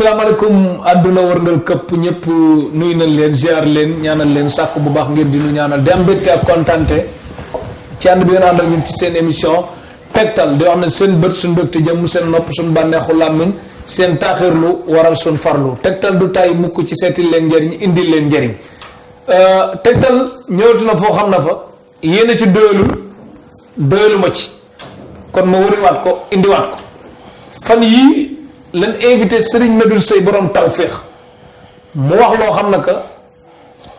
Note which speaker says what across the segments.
Speaker 1: salaamaaleykum àdduna wërngal këpp ñëpp nuyu nañ leen ziar leen ñaanal leen sàkk bu baax ngeen di nu ñaanal di am mbégte ak kontante ci ànd bi ngeen ànd ak ñun ci seen émission tegtal di wax ne seen bët suñ mbégte jëm seen nopp suñ bànneexu làmmiñ seen taaxirlu waral suñ farlu tegtal du tay mukk ci seeti leen njëriñ indi leen njëriñ euh, tegtal ñëwati na foo xam na fa yéen ci doyalul doyalu ma ci kon ma wëriwaat ko indiwaat ko fan yii lan invité sëriñ Serigne Medoune Seye borom tawféex mu wax loo xam na que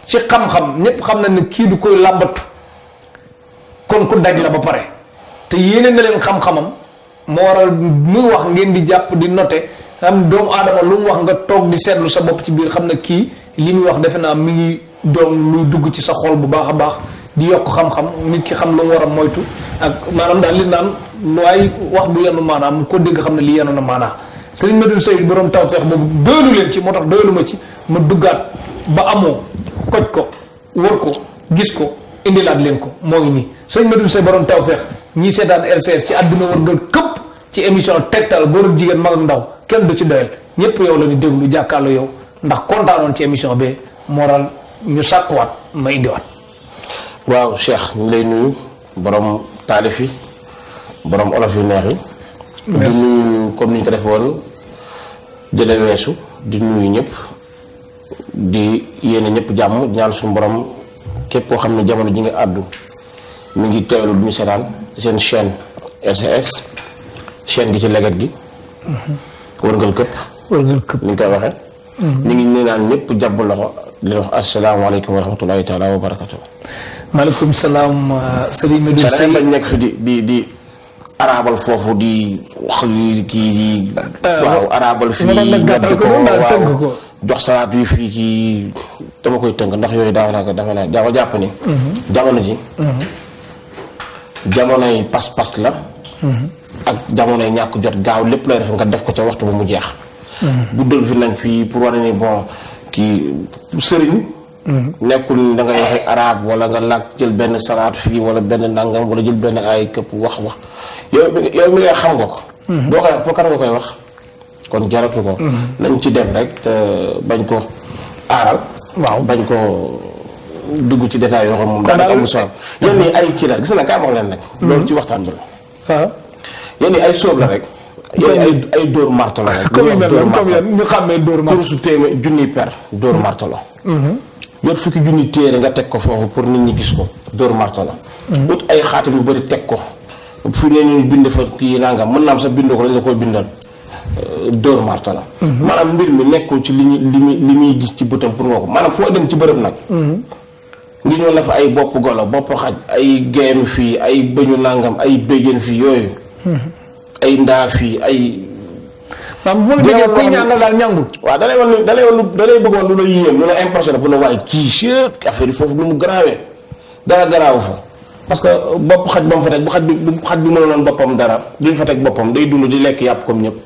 Speaker 1: ci xam-xam ñëpp xam na ne kii du koy làmbatu kon ku daj la ba pare te yéeneen na leen xam-xamam moo waral muy wax ngeen di jàpp di noté am doomu aadama lu mu wax nga toog di seetlu sa bopp ci biir xam na kii li muy wax defe naa mi ngi doon luy dugg ci sa xool bu baax a baax di yokk xam-xam nit ki xam lu mu war a moytu ak maanaam daal li naan waaye wax bu yenu maanaam ko dégg xam ne li yenu na maanaa serigne medoun sey borom tawfiq bobu doylu len ci motax doylu ma ci ma duggaat ba amo koj ko wor ko gis ko indi laat len ko mo ngi ni serigne medoun sey borom tawfiq ñi rcs ci aduna wor gën kep ci émission tektal goor jigen mag ndaw kenn du ci doyal ñepp yow lañu déglu jakkalo yow ndax kontanon ci émission be moral ñu sakkuat ma indi wat waaw cheikh ñu lay nuyu borom talifi borom olof yu di nuyu comme ni ñu ko def woon weesu di nuyu ñëpp di yéene ñëpp jàmm ñaan suñu borom képp koo xam ne jamono ji nga àddu mu ngi teewlu du ñu seetaan seen chaîne RCS gi ci leget gi. Mhm. wërngal këpp. wërngal këpp ni ñu koy waxee. ñu mhm. ngi nee naan ñëpp jàpp loxo li wax asalaamaaleykum wa rahmatulahi taala wa barakatu. maaleykum salaam euh, Serigne Medoune Seye bañ nekk fi di di. arabal fofu di wax ki di. waaw arabal fii gàttal ko waaw ko. jox salaat wi fi ki dama koy teunk ndax yoy daaw naa ko dafa naa dama japp ni. jamono ji. jamonoy pas pass la. ak jamonoy ñak jot gaaw lepp lay def nga def ko ci waxtu bu mu jeex. dul fi nañ fi pour wone ni bon kii sëriñ. nekkul da ngay waxe arab wala nga lak jël ben salat fi wala ben nangam wala jël ben ay kep wax wax yow mi yow xam nga ko. Mhm. boo koy wax pour kan nga koy wax kon jaratu ko. Mhm. nañ ci dem rek bañ ko aaral. waaw bañ ko dugg ci détail yoo xam moom. daanaka amul solo mhm. ay kii la gis leen nag. loolu ci waxtaan bi la. ay sóob la rek. yéen ay ay dóor martalo rek. comme yu mel noonu comme yan ñu xàmmee dóor martalo. su nga teg ko foofu pour nit ñi gis ko dóor martalo. ut ay xaatim yu bëri teg ko. fu ne ñu bind fa kii nangam mën naa am sax bindoo ko dañ la koy bindal euh, dóor marta la mhm. maanaam mbir mi nekkul ci li ñu muy li muy gis ci bëtam pour nga ko maanaam foo dem ci bërëb nag mhm. ngi ñoo la fa ay bopp golo bopp xaj ay géem fii ay bëñu nangam ay béjjén fii yooyu mhm. ay ndaa fii ay waaw bu ma déggee kuy ñaan la daal ñangu. waaw da wan lu da lay wan lu da lay bëggoon lu la yéem lu bu la waaye kii affaire yi foofu nu mu garaawee dara garaawu fa. parce que bopp xaj ba mu fa teg bu xaj bi bu xaj bi boppam dara duñ fa teg boppam day dund di lekk yàpp comme ñëpp.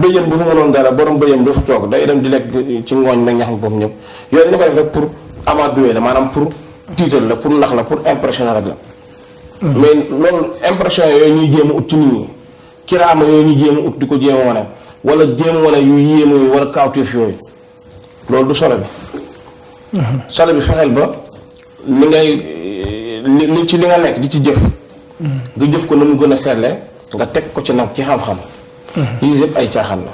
Speaker 1: bëyam bu fa mënoon dara borom bëyam du fi toog day dem di lekk ci ngooñ meeg ñax mi comme ñëpp yooyu dañu ko def pour amadoué la maanaam pour tiital la pour nax la pour impressionner rek la. mais loolu impression yooyu ñuy jéem a ut ci nit ñi kiraama yooyu ñuy jéem a ut di ko jéem a wane wala jéem a wane yu yéeme yooyu wala kaawteef yooyu loolu du solo bi. Mhm. solo bi fexeel ba. li ngay li ci li nga nekk di ci jëf nga jëf ko na mu gën a setle nga teg ko ci nag ci xam-xam yi yëpp ay caaxaan la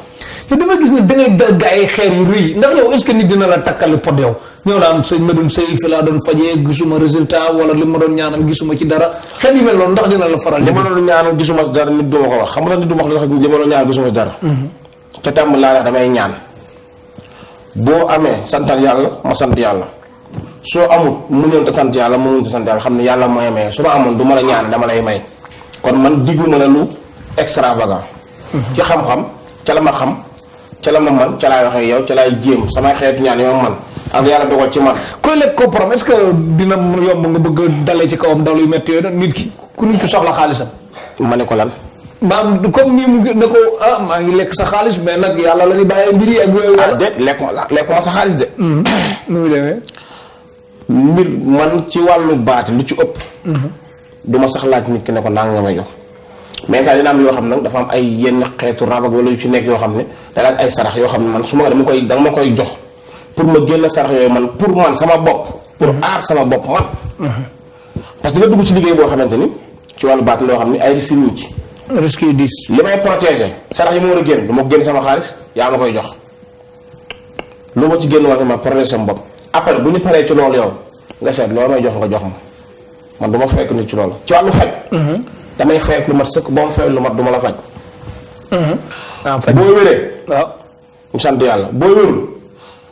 Speaker 1: yow dama gis ni da ngay dal gaay xeer yu rëy ndax yow est ce que nit dina la takkal pod yow ñëw naan sëñ ma doon sëy fi doon fajee gisuma résultat wala li ma doon ñaanal gisuma ci dara xel yu mel noonu ndax dina la faral li ma doon ñaanal gisuma ci dara nit duma ko wax xam nga nit duma wax li ma doon ñaanal gisuma ci dara mhm. te tàmm laa damay ñaan boo amee santal yàlla ma sant yàlla so amul muñal ta sant yalla mu ta sant yalla xamni yalla moy may su ba amul duma la ñaan dama lay may kon man diggu na la lu extravagant mhm. ci xam xam ci la ma xam ci la ma man ci la waxe yow ci la jëm sama xet ñaan yow man ak yalla dogal ci man koy lek ko est ce que dina yomb nga bëgg dalé ci kawam dalu metti yo nit ki ku nit ki soxla xaalisam mané ko lan maam comme ni mu ne ko ah ma ngi lek sa xaalis mais nak yalla la ni baye mbiri ak yooyu ah lek lek sa xaalis de mhm. nu muy mbir man ci wàllu baat lu ci ëpp. du ma sax laaj nit ki ne ko naa nga ma jox. mais yoo xam nag dafa am ay yenn xeetu rab ak wala yu ci nekk yoo xam ne dana ak ay sarax yoo xam ne man su ma dama koy danga ma koy jox pour ma génn sarax yooyu man pour man sama bopp. pour mhm. aar sama bopp man. Mhm. parce que nga dugg ci liggéey boo xamante ni ci wàllu baat loo xam ne ay risques yu ci. risques yu diis. li may protéger. sarax yi ma war a génn du ma génn sama xaalis yaa ma koy jox lu ci génn wala ma protéger sama bopp. appel buñu paré ci loolu yow nga sét loo may jox nga jox ma man du fekk ni ci loolu ci fajj hmm damay fekk lu mat sekk bo fekk lu mat duma la faj. ah fajj boo wéré waaw ñu sant yalla boo wéru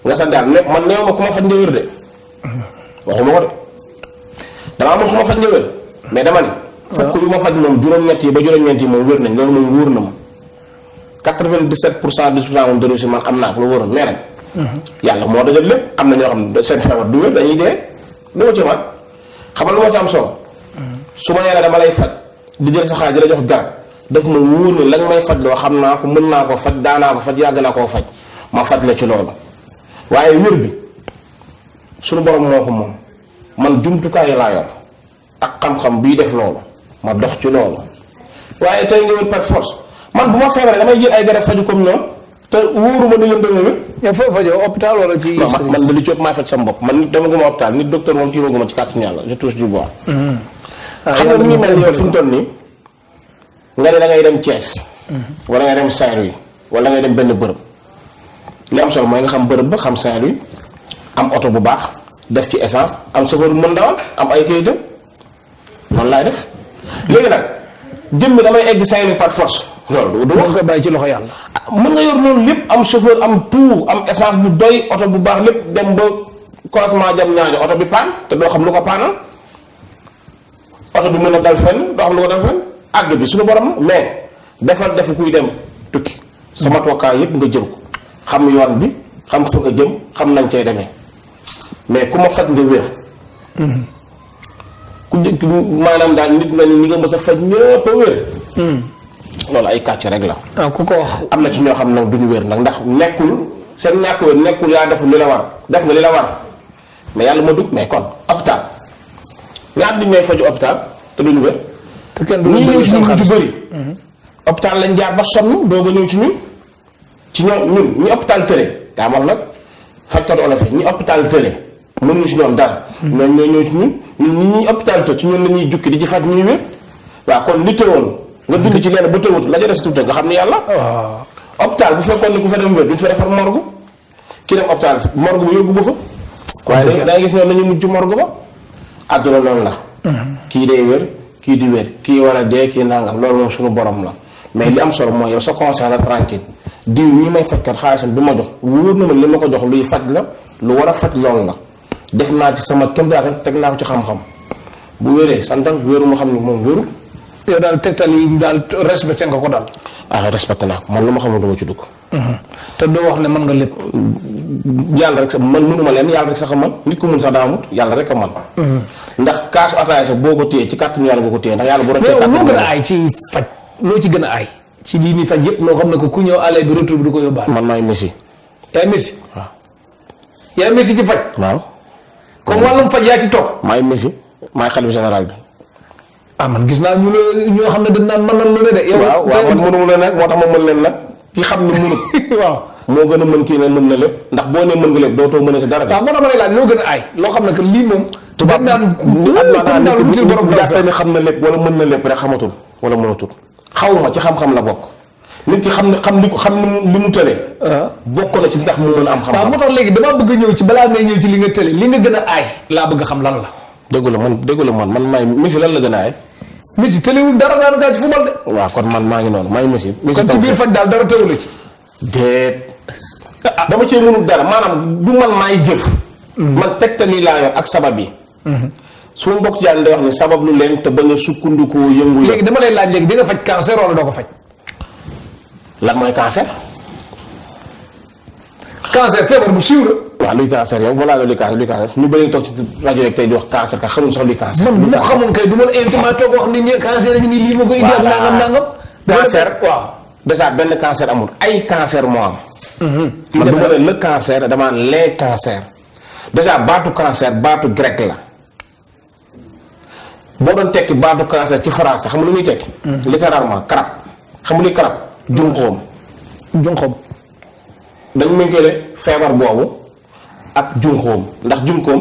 Speaker 1: nga sant yalla ne man néwuma ma ku ma dé waxuma ko dé dama am xofa faj nga mais dama ni fukk yu ma fajj juroom ñett yi ba juroom ñett yi wër nañ wër na 97 man am ko yàlla moo dajal lépp am na ñoo xam ne seen feebar du wér dañuy dee lu ma ci man xamal lu ma ci am solo su ma nee dama lay faj di jël sa xaalis di la jox garab daf ma wóor ne la nga may faj loo xam naa ko mën naa ko faj daanaa ko faj yàgg naa koo faj ma faj la ci loolu waaye wér bi suñu borom moo ko moom man jumtukaay laa yor ak xam-xam bii def loolu ma dox ci loolu waaye tey nga wér par force man bu ma feebaree damay jël ay garab faju comme ñoom te wóoruma ne yëm da ya, wér. jo hôpital wala ci. man li coob maa faj sama bopp man demaguma hôpital nit docteur moom tiimaguma ci kàttan yàlla je touche du bois. Hmm. xam ah, nga mi mel yow fi mu nga ne da ngay dem Thiès. Hmm. wala ngay dem saint wala ngay dem benn li am solo mooy nga xam ba xam saint am oto bu baax def ci essence am chauffeur bu mën am ay def jëm damay egg saint par force loolu du wax nga bay ci loxo yalla mën nga yor loolu lepp am chauffeur am tout am essence bu doy auto bu baax lepp dem ba croisement jam ñaanu auto bi pan te do xam lu ko panal auto bi mëna dal fenn do xam lu ko dal fenn ag bi suñu borom mais defal def kuy dem tukki sama toka yépp nga jël ko xam yoon bi xam fu nga jëm xam nañ cey démé mais kuma fat nga wér mhm ku dégg maanaam daal nit nga ni ñi nga mës a faj ñëpp a wér loolu ay kàcc rek la ah ku ko wax am na ci ñoo xam nag duñu wér nag ndax nekkul seen ñàkk wér nekkul ya, la war def nga li la war mais ma dugg mais kon hôpital ñaar di ñooy faju hôpital te duñu wér te kenn du ñëw ci ñun du bëri hôpital lañ jaar ba sonn doog a ñëw ci ñun ci ñoo ñun ñi hôpital tële daa mar nag fajkat olof mënuñu si ñoom dara. ñooñu hmm. ñooy ñëw ci ñun ñun ñi ñuy hôpital ci ñun la ñuy jukki di ci faj ñuy wér waaw kon li tëwoon nga dund ci lenn bu tëwut la ca des tuuti nga xam ni yàlla. waaw ah. hôpital bu fekkoon ne ku fa dem wér duñ fa defar morgue ki dem hôpital morgue bu yóbbu waaye da ngay gis noonu la ñuy mujj morgue ba àdduna noonu la. Hmm. kii day wér kii di wér kii war a dee kii nangam loolu moom suñu borom la mais li am solo mooy yow sa conscience la tranquille diw ñi may faj xaalisam bi ma jox wóor na ma li ma ko jox luy faj la lu war a faj loolu def na ci sama tombe ak tek na ko ci xam-xam bu wéré santal wéru mo xam ni moom wéru yow dal tektal yi dal respecté nga ko dal ah respecté na man luma xam xamul dama ci dugg mhm. te do wax ne man nga lepp yalla rek sa man mënuma len yalla rek sax man nit ko mun sa daamut yalla rek a man mhm. ndax kaas ataaya sax boo ko téye ci kàttanu yàlla nga ko téye ndax yalla bu rek carte ñu gën a ci fajj lo ci gëna ay ci li ni faj yépp mo xam ne ko ku ñew alé bi retour bi du ko yóbbaal man may messi yaay messi ya messi ci fajj waaw comme wàllum faj yaa ci toog. maay messi maay xalif général bi. ah man gis naa ñu ne ñoo xam ne dañ naan mën na lu ne de. yow waaw waaw man moo tax ma mën leen nag ki xam ne mënut. moo gën a mën kii ne mën na lépp ndax boo nee mën nga lépp dootoo mën a ci dara. waaw moo tax ma lay laaj loo gën aay loo xam ne que lii moom. tubaab dañ naan comme daal lu ci borom. daal xam na lépp wala mën na lépp rek xamatul wala mënatul xaw ma ci xam-xam la bokk nit ki xam xam li xam li mu tële ah. bokk na ci tax mu mën am xam waaw moo tax dama bëgg ñëw ci balaa ngay ñëw ci li nga tële li nga gën a aay bëgg xam lan la déggu la man déggu la man man maay Messi lan la gën a aay Messi dara ci de kon man ngi kon ci biir dara ci ah, dama dara du man jëf hmm. man yor ak sabab hmm. su ma jaan day wax ne sabab lu leen te bañ a yëngu dama lay laaj di nga faj cancer wala ko faj lan moy cancer. cancer feebar bu siiw wa waaw luy cancer yow wala nga luy cancer luy cancer ñu bari tok ci radio rek tay di wax cancer ka xamu sax luy cancer. man bu ma kay du ma intima toog wax nit ñi cancer ngi li lii ko indi ak nangam nangam. cancer wa déjà ben cancer amul ay cancer mo am. man le cancer dama les cancer déjà batu cancer batu grec la. bo don tek batu cancer ci français xam lu ñuy tek littéralement karab xam lu luy junqoom junqoom dañ mu jële feebar boobu ak junqoom ndax junqoom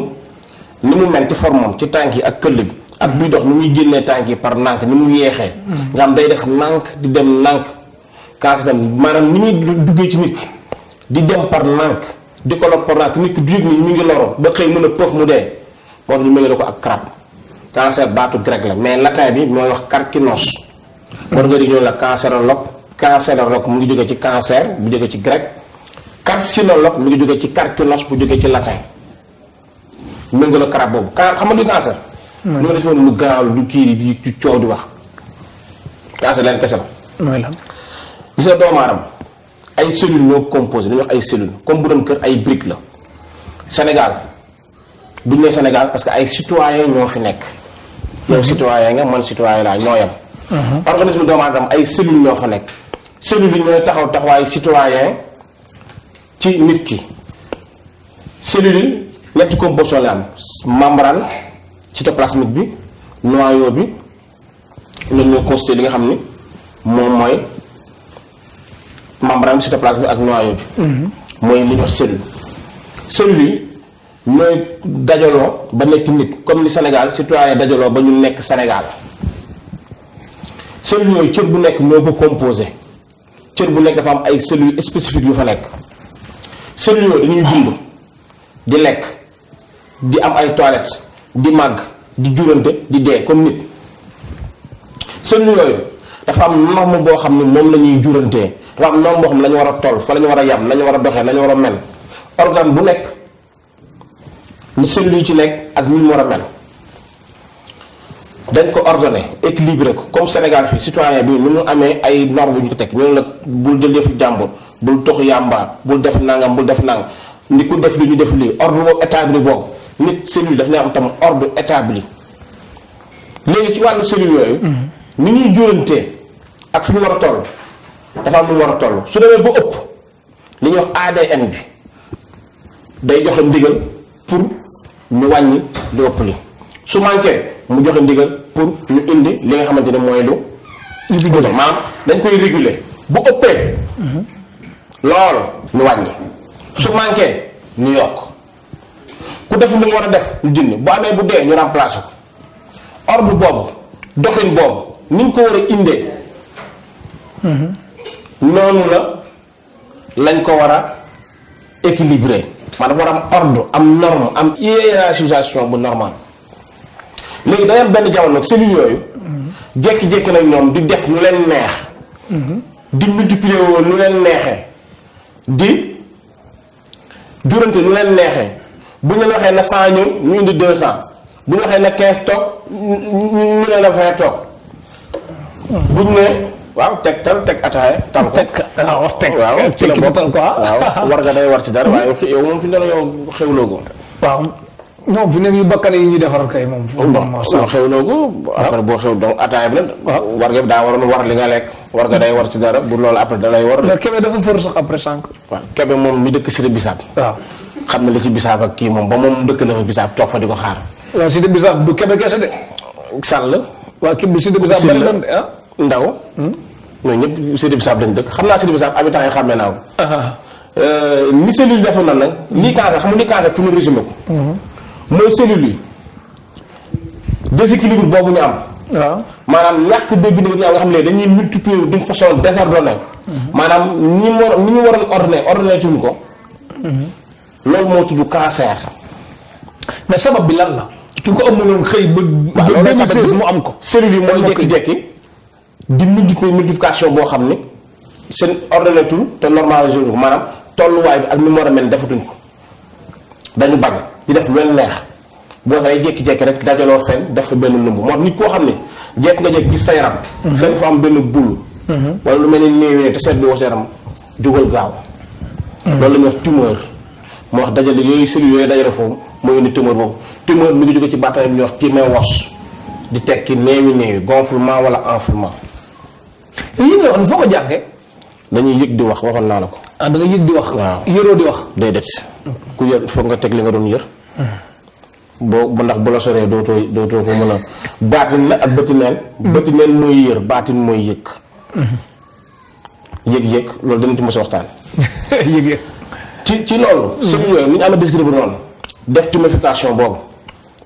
Speaker 1: ni mu mel ci formam ci tànk yi ak këll bi ak buy dox mu ngi génnee tànk yi par nànk ni mu yeexee mm. nga am day def nànk di dem nànk kaas itam maanaam ni muy duggee ci nit di dem par nànk di ko lor par nànk nit ki du yëg ni mu ngi loro ba xëy mën a pëf mu dee moo tax ñu méngale ko ak crab cancer baatu grec la mais latin bi mooy wax carcinos war nga di ñëw la cancerologue cancérologue mu ngi jógee ci cancer bu jógee ci grec carcinologue mu ngi jógee ci carcinos bu jógee ci latin méngale karab boobu kan xam nga luy cancer. mooy li ma defoon lu garaaw lu kii di di coow di wax. cancer leen kese la. mooy lan. gis nga doomu aadama ay cellules ñoo composé dañuy wax ay cellules comme bu doon kër ay briques la Sénégal bu ñu nee Sénégal parce que ay citoyens ñoo fi nekk. yow mhm. citoyen nga man citoyen laa ñoo yem. Mhm. organisme doomu aadama ay cellules ñoo fa nekk. cellule bi mën taxaw taxawaayu citoyen ci nit ki cellule yi ñetti composition la am membrane cytoplasmique bi noyau bi ñoom ñoo li nga xam ni moom mooy membrane cytoplasmique ak noyau bi. Mhm. mooy li ñuy wax cellule. yi ñooy dajaloo ba nekk nit comme ni senegal citoyen dajaloo ba ñu nekk senegal cellule yooyu cër bu nekk ñoo ko composé. cër bu nekk dafa am ay cellules spécifiques yu fa nekk cellules yooyu dañuy dund di lekk di am ay toilettes di màgg di jurante di dee comme nit cellules yooyu dafa am norme boo xam ne moom la ñuy jurantee dafa am norme boo xam ne war a tol fa la ñu war a yam lañu war a doxee la war a mel organe bu nekk ni cellules yu ci nekk ak ni mu war a mel. dañ ko ordonné équilibré ko comme Sénégal fii citoyen bi nu ñu amee ay normes bu ñu ko teg ñun nag bul jël yëfu jàmbur bul tox yàmba bul def nangam bul def nangam ni ku def li ñu def lii ordre boobu établi boobu nit cellule daf ne am tam ordre établi léegi ci wàllu cellule yooyu. Mm-hmm. ni ñuy jóorantee ak fu ñu war a toll dafa am lu war a toll su demee ba ëpp li ñuy wax ADN bi day joxe ndigal pour ñu wàññi lu ëpp li su manqué. mu joxe ndigal pour ñu indi li nga xamante ne mooy lu. ñu fi dañ koy réguler bu ëppee. loolu ñu wàññi su manqué ñu yokk ku def lu war a def ñu dindi bu amee bu dee ñu remplacer ko ordre boobu doxin boobu ni ñu ko war a indee. noonu la lañ ko war a équilibrer. maanaam war am ordre am norme am hiérarchisation bu normal léegi day benn jamono nag cellules yooyu jékki-jékki nag ñoom di def nu leen neex di multiplier woo nu leen neexee di jurante nu leen neexee bu ñu waxee na cent ñëw ñu indi deux cent bu ñu waxee na quinze toog la vingt toog buñ ne waaw teg tal teg ataaya tal ko waaw teg waaw ci la bokk ah. waaw war nga day war ci dara waaye yow moom fi ne la yow xewloo ko waaw non fi nekk yu bakkan yi ñuy defar kay moom. waaw xew na ko. Ah. après boo xew donc ataaya bi la. Ah. war nga daa waroon war li nga lekk. war nga day war ci dara bu loolu après da lay war. mais kebe dafa fër sax après sànq. waaw kebe mi dëkk Sidi Bisaab. Ah. xam na li ci Bisaab ak kii moom ba moom dëkk na fa Bisaab fa di xaar. waaw Sidi Bisaab du de. Sall. waaw bi ah. Ndaw. Hmm? ñooñu ñëpp Sidi Bisaab lañ dëkk xam naa Sidi yi ko. Euh, ni cellule na xam pour ko hmm. mooy cellules yi déséquilibre boobu ñu am. waaw maanaam ñàkk dégg dégg ñu am nga xam ne dañuy multiplier d'une façon désordonnée. Mhm. maanaam ñi mu war ni ñu waroon ordonné ordonné tuñ ko. Mhm. loolu moo tudd cancer. mais sabab bi lan la. ki ko amuloon xëy ba. waaw loolu mu am ko. cellules yi mooy jékki-jékki di koy multiplication boo xam ni seen ordonné te normalisé ko maanaam tolluwaay bi ak ni mu war ko dañu bañ. di def lu leex bo boo naree jékki rek dajalo fen def fa benn numb moo nit ko xam ne nga jek bi sayram fen mhm. fenn fa am ben bul mhm. wala lu melni newe te seet bi wax dugal yaram jógal gaaw mhm. loolu la tumeur mo wax dajal yoy sel yoy dajal fo mo indi tumeur boobu tumeur mi ngi joge ci wax bi me wax di tekki néewi néewi gonflement wala enflement yi ñu wax foko ko dañuy yëg di wax waxoon la ko ah da nga yëg di wax yero di wax déedéet ku yër fo nga tek li nga doon yër bo ba ndax bu la soree dootoo dootoo ko meuna batin la ak bëtineel bëtineel moy yeur batin moy yek yek yek lolou dañu ci mos a waxtaan yek yëg ci ci lolou sëñ yooyu ñu amee discret bu non def tumification boobu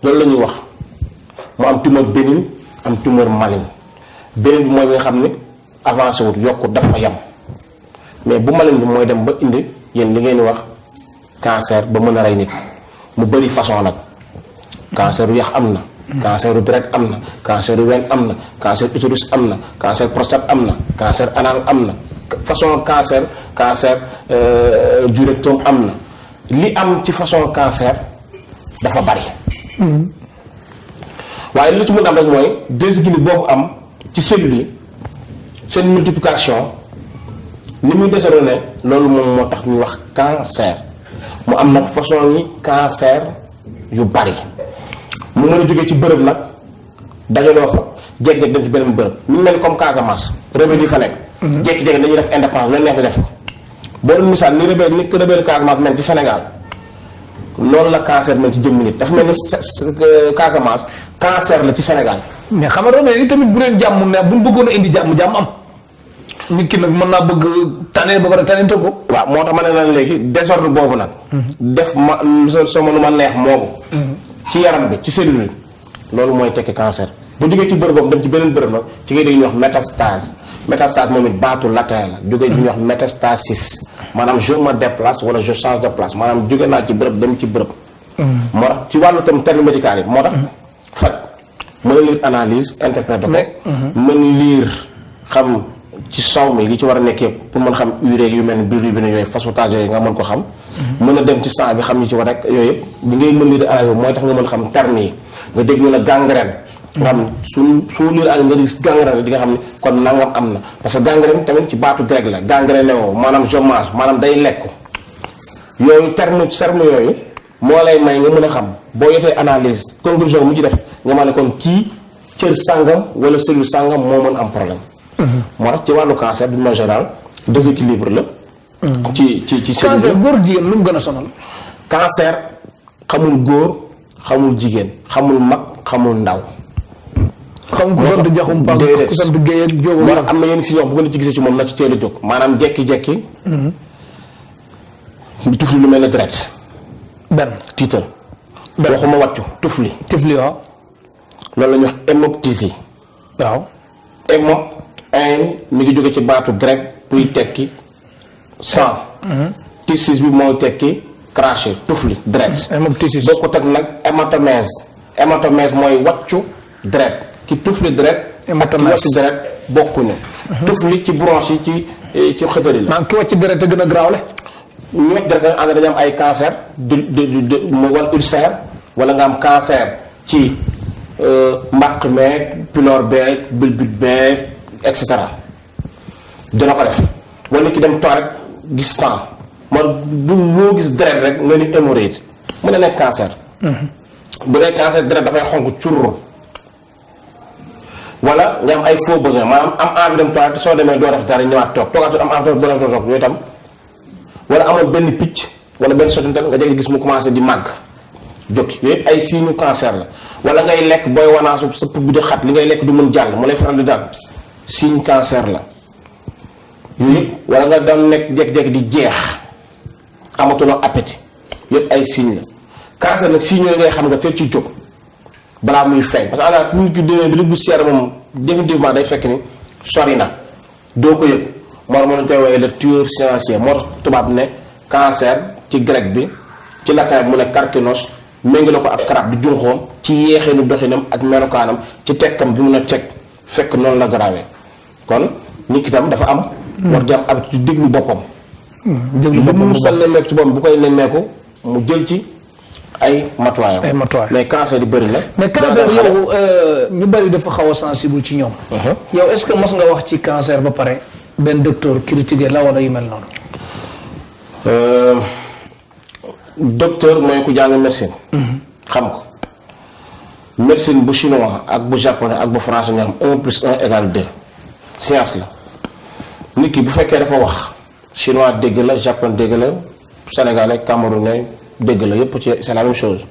Speaker 1: loolu la ñuy wax mo am tumeur benin am tumeur malin benin moy bi nga xam ne wut yokku dafa yam mais bu malin bi dem ba indi yeen li ngeen wax cancer ba meuna ray nit mu bari façon nak cancer yu amna cancer deret direct amna cancer wen amna na cancer utérus am na cancer prostate amna cancer anal amna façon cancer cancer euh, du rectum amna li am ci façon cancer dafa bari waye lu ci mu am moy mooy bobu am ci cellule yi multiplication ni muy désorné ne mom motax ñu wax cancer mu am nag façon yi cancer yu bari mu mën a ci bërëb nag dajaloo fa jékki-jékki dem ci beneen bërëb lu mel comme Casamance rebelle yi fa nekk. Mhm. dañuy def indépendance loolu neex na def ko. boo doon misaal ni rebelle ni rebelle Casamance mel ci Sénégal loolu la cancer mel ci jëmmu nit dafa mel ni euh, Casamance cancer la ci Sénégal. mais xam nga rebelle yi tamit bu neen jàmm ne bu ñu bëggoon a indi jàmm jàmm am. nit ki nag mën naa bëgg tane ba pare tane ko. waaw moo tax ma ne la léegi désordre boobu nag. def ma sama so ma neex moom ci yaram bi ci cellule loolu mooy tekki cancer. bu jógee ci bërëbam dem ci beneen bërëb nag ci ngay dégg ñuy wax métastase métastase moom it baatu latin la jógee ñuy wax métastasis maanaam je me déplace wala je change de place maanaam jóge naa ci bërëb dem ci bërëb. moo tax ci wàllu tam terme médical yi moo tax. faj mën a lire analyse interpréter ko. Uh-huh. mën lire xam. ci soow mi li ci war a nekk yëpp pour mën xam urée yu mel ni biir bi ne yooyu yooyu nga mën ko xam mën a dem ci sang bi xam ñi ci rek yooyu yëpp ngay mën lii di alal mooy tax nga mën xam terme la gangrène nga xam su su lii al nga gis gangrène di nga xam ne kon nangam am na parce que gangrène tamit ci baatu grec la gangrène woo maanaam je mange day lekk yooyu terme terme yooyu moo lay may nga mën a xam boo yotee analyse conclusion mu ci def nga ma ne kon kii cër wala cellule sàngam moo mën am problème moo tax ci wàllu cancer d'une manière générale déséquilibre la. ci ci ci seen. cancer góor jigéen lu mu gën a sonal. cancer xamul góor xamul jigéen xamul mag xamul ndaw. xam ku sant jaxum ba ku sant géey am na yenn si ñoom bu gën a ci gisee ci moom na ci teel a jóg maanaam jekki-jekki tufli lu mel ne deret benn tiital waxuma wàccu tufli tufli waaw loolu la ñuy wax hémoptysie waaw un mi ngi jóge ci baatu grec buy tekki sang tisis bi mooy tekki craché tufli deret bokkut ak nag hématomèse hématomèse mooy wàccu deret ki tufli deret ak ki wàccu deret bokkuñu mm-hmm. tufli ci bronche yi ci eh, ci xëtëri la ki wàcc deret te gën a graawle ñu wàcc deret ànd am ay cancer du du du mu wala ulcère wala nga am cancer ci euh, mbàq meeg pylore beeg bulbute beeg et cetera dina ko def wala ki dem toog rek gis sang man du loo gis deret rek nga ni hémorroïde mu ne nekk cancer. Mhm. bu dee cancer deret dafay xonk curur wala nga am ay faux besoin maanaam am envie dem toilette soo demee doo def dara ñëwaat toog toogatul am envie doo def toog yooyu tam wala amoon benn picc wala benn sotintal nga jege gis mu commencé di màgg jóg yooyu ay signe cancer la wala ngay lekk booy wanaasu sa put bi di xat li ngay lekk du mën jàll mu lay faral daal signe cancer la yooyu wala nga daan nekk jekk-jekk di jeex amatuloo appétit yëpp ay signe la cancer nag signe yooyu ngay xam nga teel ci jóg balaa muy feeñ parce que àla fu nit ki demee définitivement day fekk ni sori na doo ko yëg moo moo lañ koy woowee le tueur silencieux moo tax tubaab ne cancer ci grec bi ci latin mu ne carcinos méngale ko ak karab bi ci yéexeenu doxinam ak melokaanam ci tekkam bi mun a teg fekk noonu la garaawee kon nit kitam dafa am. war di ak ci déglu bopam
Speaker 2: hmm, déglu bopam mu musal
Speaker 1: nemmeeku ci boppam bu koy nemmeeku mu jël ci ay matuwaayam. ay matuwaay mais cancer di bëri la mais cancer yow euh, ñu bari dafa xaw sensible ci ñom uh-huh. yow est-ce que mos nga wax ci cancer ba pare Ben docteur critique la wala yu mel euh docteur moy ku jang médecine. Mm-hmm. xam ko. médecine bu chinois ak bu japonais ak bu français ñam 1 plus 1 égale 2 science la bu dafa wax chinois dégg la japon dégg la sénégalais camerounais dégg la yépp c'est la même chose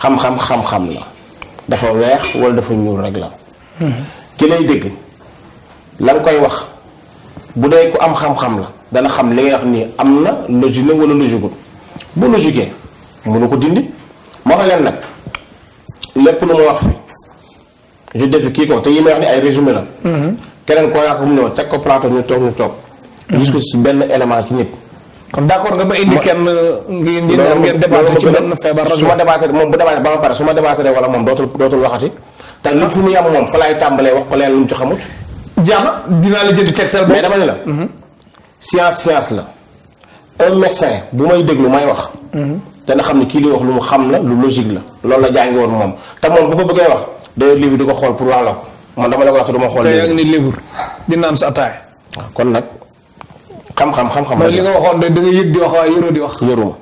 Speaker 1: xam-xam xam-xam la dafa wéx wala dafa ñuul rek la mhm. ki lay dégg la wax bu am xam-xam la dana xam li ngay wax ni am logique la wala logique bu logique mënu ko dindi lépp je défie résumé la mhm. keneen koo yaakaar mu ne teg ko plateau ñu toog ñu toog. Mhm. gis ko si benn élément ci nit. kon d'accord nga ba indi kenn. ngeen ngeen débattre ci benn feebar rek. su ma débattre moom bu débattre ba ma pare su dootul dootul waxati te lu fu mu yem moom fa laay tàmbalee wax ko leen lu mu ci xamut. jaax dinaa la jënd tegtal. mais dama ne la. Mhm. science science la. un médecin bu may déglu may wax. dana mhm. xam ne kii li wax lu mu xam la lu logique la. loolu la jàngi woon moom te moom bu ko bëggee wax day livre di ko. man dama la ko wax te du ma xool. tey ak ni libur di naan sa kon nag xam-xam xam-xam. mooy li nga waxoon de da nga yëg di wax waaye yoroo di wax. yoruma.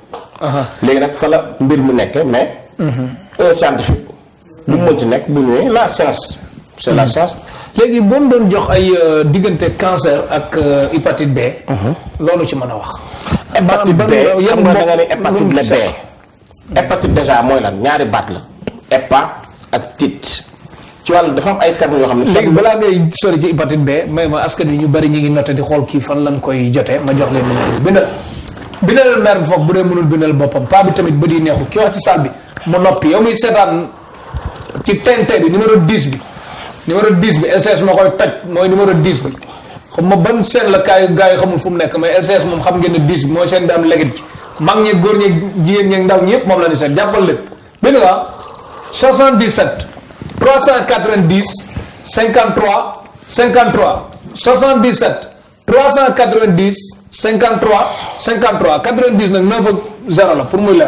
Speaker 1: léegi nag fa la mbir mu nekk mais. Mhm. un scientifique. lu mhm. nekk bu ñëwee la science. est la mhm. science. léegi boo doon jox ay euh, diggante cancer ak euh, hépatite B. loolu ci mën a wax. hépatite B xam nga da nga ne hépatite la déjà mooy lan ñaari baat la. hépat ak tit. ci wàllu dafa am ay termes yoo xam ne. léegi balaa ngay sori ci hépatite B may ma askan wi ñu bari ñu ngi noté di xool kii fan lañ koy jotee ma jox leen numéro bi bindal bindalal maire bi bu dee mënul bindal boppam paa bi tamit ba di neexu ki wax ci salle noppi yow muy seetaan ci TNT bi numéro 10 bi numéro 10 bi LCS moo koy mooy numéro 10 bi xam ma ban seen la kaay gaa yi fu mu nekk mais LCS moom xam ngeen ne 10 bi seen bi am legit ci mag ñeeg góor ñeeg jigéen ñeeg ndaw ñi yëpp moom la seen seet jàppal leen benn waa 77. 390 53 53 77 390 53 53 90 9 0 pour muy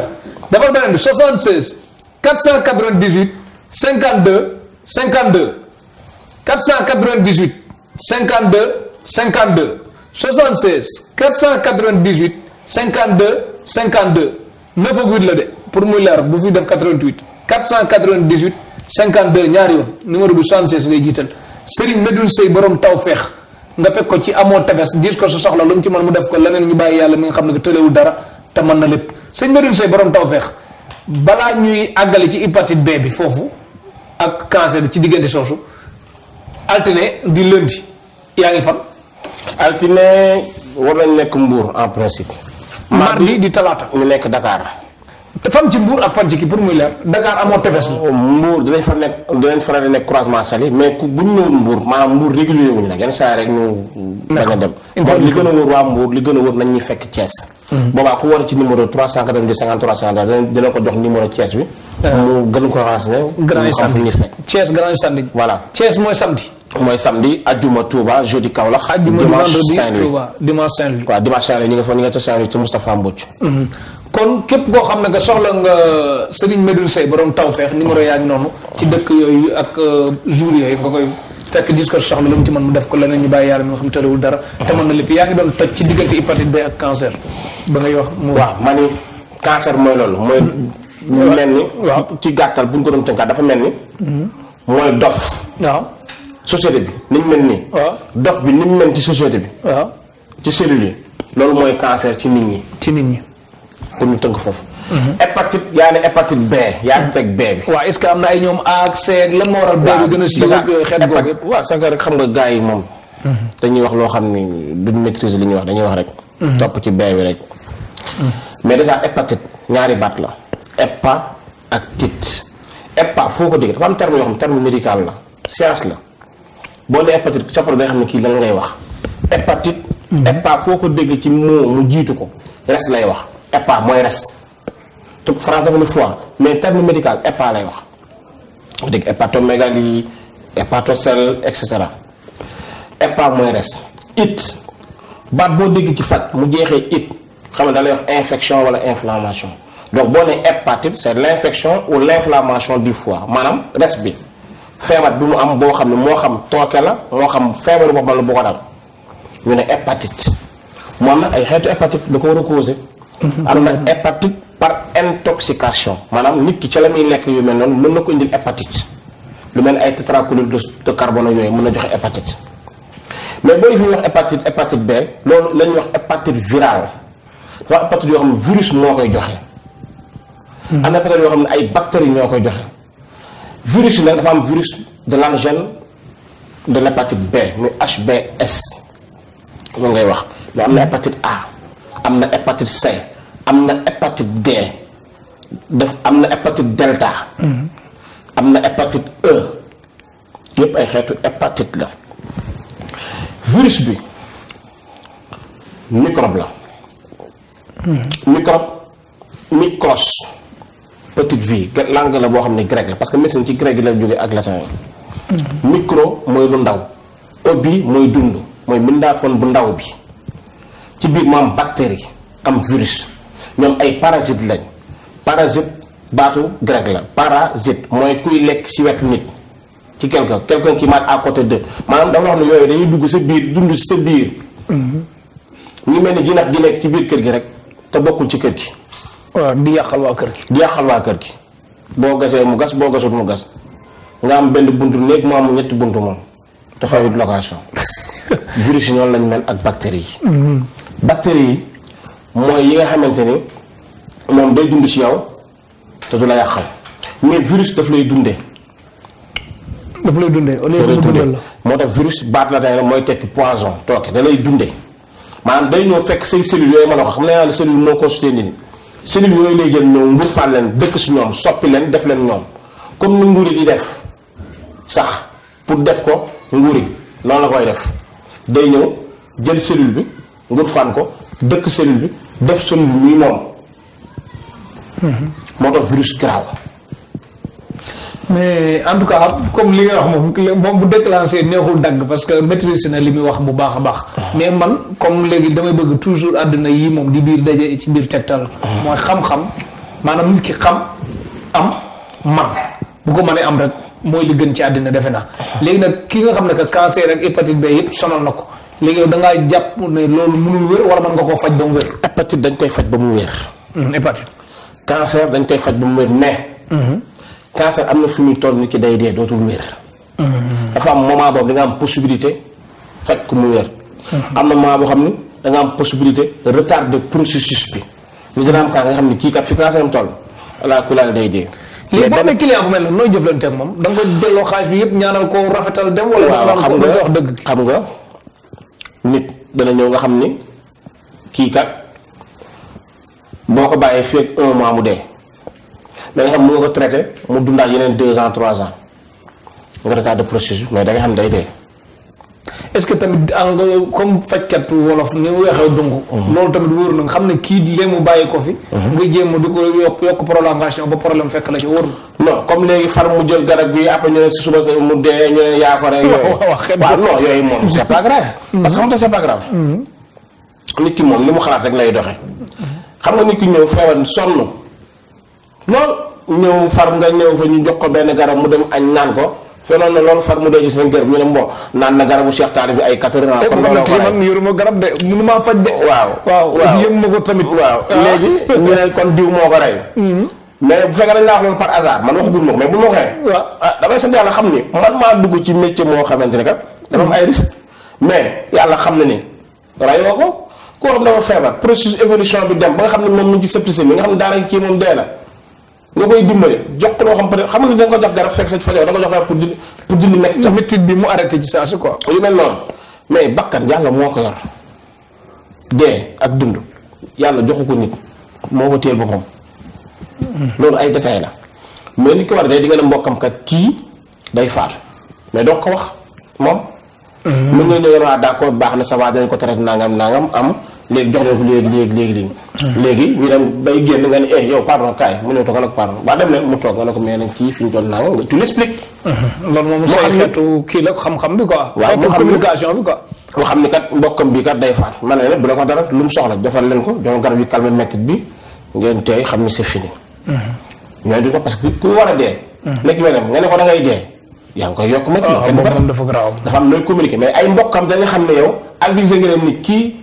Speaker 1: d'abord, 76 498 52 52 498 52 52 76 498 52 52 9 pour 88 498 52 ñaar yoon numéro bu 76 ngay jital sëriñ medul sey borom tawfiq nga fekk ko ci amo tabes dis ko sa soxla lu ci man mu def ko leneen ñu baye yalla mi nga xamne ne tëlewul dara ta man na lepp sëñ medul sey borom tawfiq bala ñuy àggale ci hepatite B bi fofu ak cancer ci digënde soosu alterné di lundi ya ngi fan alterné war nañ nekk mbuur en principe mardi di talata ñu nekk dakar fan ci Mbour ak fan ci kii pour muy leer Dakar amoo tefes la. Oh, Mbour dinañ fa nekk dinañ fa nekk croisement Saly mais ku bu ñu ñëwoon Mbour maanaam Mbour régulier wuñ la yenn saa rek ñu. da dem a wóor mooy samedi. mooy samedi ajjuma Touba jeudi Kaolack. ajjuma dimanche dimanche Saint-Louis. dimanche Saint-Louis ñu nga fa kon képp koo xam ne nga soxla nga Serigne Medoune Seye borom tawfeex numéro yaa ngi noonu ci dëkk yooyu ak euh, jour yooyu nga koy fekk dis ko soxla lu mu ci mën mu def ko leneen ñu bàyyi yàlla mi nga xam tëlewul dara ah. te mën na lépp yaa ngi doon toj ci diggante hépatite B ak cancer ba ngay wax mu waaw ma ni cancer mooy loolu mooy ñu mel ni waaw ci gàttal buñ ko doon tënkaat dafa mel ni hmm. mooy dof waaw société bi ni mel nii waaw dof bi ni mu ci société bi waaw ci cellule yi loolu mooy cancer ci nit ñi ci nit ñi pour ñu tënk foofu. Mhm. hépatite yaa ne hépatite B. yaa ngi teg B bi. waaw est que am na ay ñoom A ak C ak moo waral. waaw B gën a siiw ak xeet googu. waaw sànq rek xam nga gaa yi moom. Mhm. dañuy wax loo xam ni duñ maîtriser li ñuy wax dañuy wax rek. Mhm. topp ci B bi rek. mais déjà hépatite ñaari baat la. hépa ak tit. hépa foo ko déggee dafa am terme yoo xam terme médical la science la boo nee hépatite coppite day xam ne kii lan ngay wax. hépatite. hépa foo ko dégg ci moo mu jiitu ko res lay wax. Pas moins reste. tout France dafa de foie mais terme médical EPA lay wax pas dégg hépatomégalie etc et cetera EPA mooy res it baat boo dégg ci faj mu jeexee it xam ne da lay wax infection wala inflammation donc bonne hépatite c'est l'infection ou l'inflammation du foie Madame, reste bi feebar bi mu am à xam ne moo xam tooke la moo xam feebaru boppam la bu ko dal ñu hépatite Madame, am nag ay xeetu hépatite da ko Mhm. am na hépatite par intoxication maanaam nit ki ca la muy lekk yu mel noonu mën na ko indil hépatite lu mel ay tétrachlorure de carbone yooyu mën na joxe hépatite mais boo fi ñuy wax hépatite hépatite B loolu la ñuy wax hépatite virale dafa hépatite yoo xam ne virus moo koy joxe. Mhm. am na hépatite yoo xam ne ay bactéries ñoo koy joxe virus yi nag dafa am virus de l'angine de l'hépatite B muy HBS moom ngay wax mais am na hépatite A. amna hepatite C amna hepatite D def amna hepatite delta delta -hmm. amna hepatite E yep ay xeetu hepatite la virus bi microbe la microbe micros petite vie langue la bo xam grec la parce que médecine ci grec la jogué ak latin micro moy lu ndaw obi e mooy moy minda fon bu ndaw bi ci biir mu am bactérie am virus ñom ay parasite lañ parasite batu grec la parasite moy kuy lek ci wet nit ci quelqu'un quelqu'un qui mal à côté de manam da wax ni yoy dañuy dugg ci biir dund ci biir mm-hmm. ñu melni ni jinax ji nekk ci biir kër gi rek te bokku ci kër gi wa di yakal wa kër gi di yakal wa kër gi bo gasé mu gas bo gasut mu gas nga am benn buntu nek mo am ñetti buntu moom da fayut location virus ñol lañ mel ak bactérie bactéries yi mooy yi nga xamante ni moom day dund ci yow te du la yàqal mais virus daf lay dundee. daf lay dundee au lieu de moo tax virus baat la tey mooy tekki poison tooke da lay dundee maanaam day ñëw fekk say cellules yooyu ma la ko xam ne naa ne cellule noo constitué nit cellule yooyu lay jël ñoom ngurfaan leen dëkk si ñoom soppi leen def leen ñoom comme ni nguuri di def sax pour def ko nguuri noonu la koy def day ñëw jël cellule bi. ngor faan ko dëkk cellule bi def cellule bi muy moom mhm. moo tax virus grave mais en tout cas comme li nga wax moom moom bu déclenché neexul dagg parce que maîtrise na li muy wax bu baax a baax ah. mais man comme léegi damay bëgg toujours àdduna yii moom di biir dajee ci biir tegtal ah. mooy xam-xam maanaam nit ki xam am man bu ko mënee am rek mooy li gën ci àddina defe naa ah. léegi nag ki nga xam ne que cancer ak hépatite B yëpp sonal na ko léegi yow da ngaa jàpp ne loolu mënul wér wala man nga koo faj ba mu wér. hépatite dañ koy faj ba mu wér. Hmm, hépatite. cancer dañ koy faj ba mu wér mais. Hmm. cancer am na fu muy toll nit ki day dee dootul wér. Hmm. dafa am moment boobu da am possibilité faj ko mu wér. am na moment boo xam ni danga am possibilité retard de processus bi. ñu dina am cas nga xam ni kii kat fi cancer am toll ala kulaale day dee. léegi boo amee client bu mel noonu nooy jëflante ak moom da ko delloo xaalis bi yëpp ñaanal ko rafetal de wala dëgg xam nga. nit dana ñëw nga xam ni kii kat boo ko bàyyee fii ak un mois mu dee da nga xam mu nga ko traité mu dundaal yeneen deux ans trois ans nga retard de processus mais da nga xam day dee. est ce que tamit comme fajkat wolof ni weexal dungu mhm. lolou tamit wóor na xamne ki lemu baye ko fi mhm. nga jéem du ko yokk yok prolongation ba problème fekk la ci wóor na non comme léegi far mu jël garab bi après ñu ci suba mu dé ñu ya ko ré yooyu wa non yooyu moom c' pas grave mhm. parce que xam nga pas grave nit ki mom limu xalat rek lay doxé xam nga nit ki ñew feebar sonu lool ñew far nga ñew fa ñu jox ko ben garab mu dem añ nan ko sonal na loolu far mu dee ci seen garab ñu ne bon naan na garabu Cheikh Taalib bi ay quatre ans. kon loolu ko man de tamit. waaw ah. léegi ñu kon diw moo ko hmm. mais bu fekkee dañ laa wax man ma ko mais bu ma ko ah, xam ni man maa dugg ci métier moo xamante ne kat. dafa am ay risque mais yàlla xam na ni rayoo ko koo xam dafa feebar processus évolution bi dem ba nga xam ne moom mi ngi ci septicémie nga xam ne daanaka kii moom dee na. nga koy dimbali jox ko loo xam peut-être xam nga da nga ko jox garab fekk sa fa da nga jox pour di pour dindi métti sa métti bi mu arrêté ci saa su quoi yu mel noonu mais bakkan yàlla moo ko yor dee ak dund yàlla joxu ko nit moo ko téel boppam loolu ay détail la mais li ko war day di nga ne mbokkam kat kii day faatu mais doo ko wax moom mm-hmm. ñëw d'accord sa ko traité nangam nangam am leg jox ko leg leg léegi léegi léegi ñu dem bay génn nga ne eh yow pardon kaay mu ne toog nag pardon waa dem leen mu toog nga ne ko mais nag kii fi ñu tu l'explique loolu moom say xeetu kii la xam-xam bi quoi waaw xeetu communication bi quoi mu xam ni kat mbokkam bi kat day faat man bu la ko dara lu mu soxla defal leen ko jox garab yu calme métit bi ngeen tey xam ni c'est fini mhm. ñooñu duñ ko parce que ku war a dee mhm. nekk wenam nga ne ko da ngay dee yaa ngi koy yokk métit ah, dafa am nooy communiquer mais ay mbokkam dañu xam yow avisé nga leen ni kii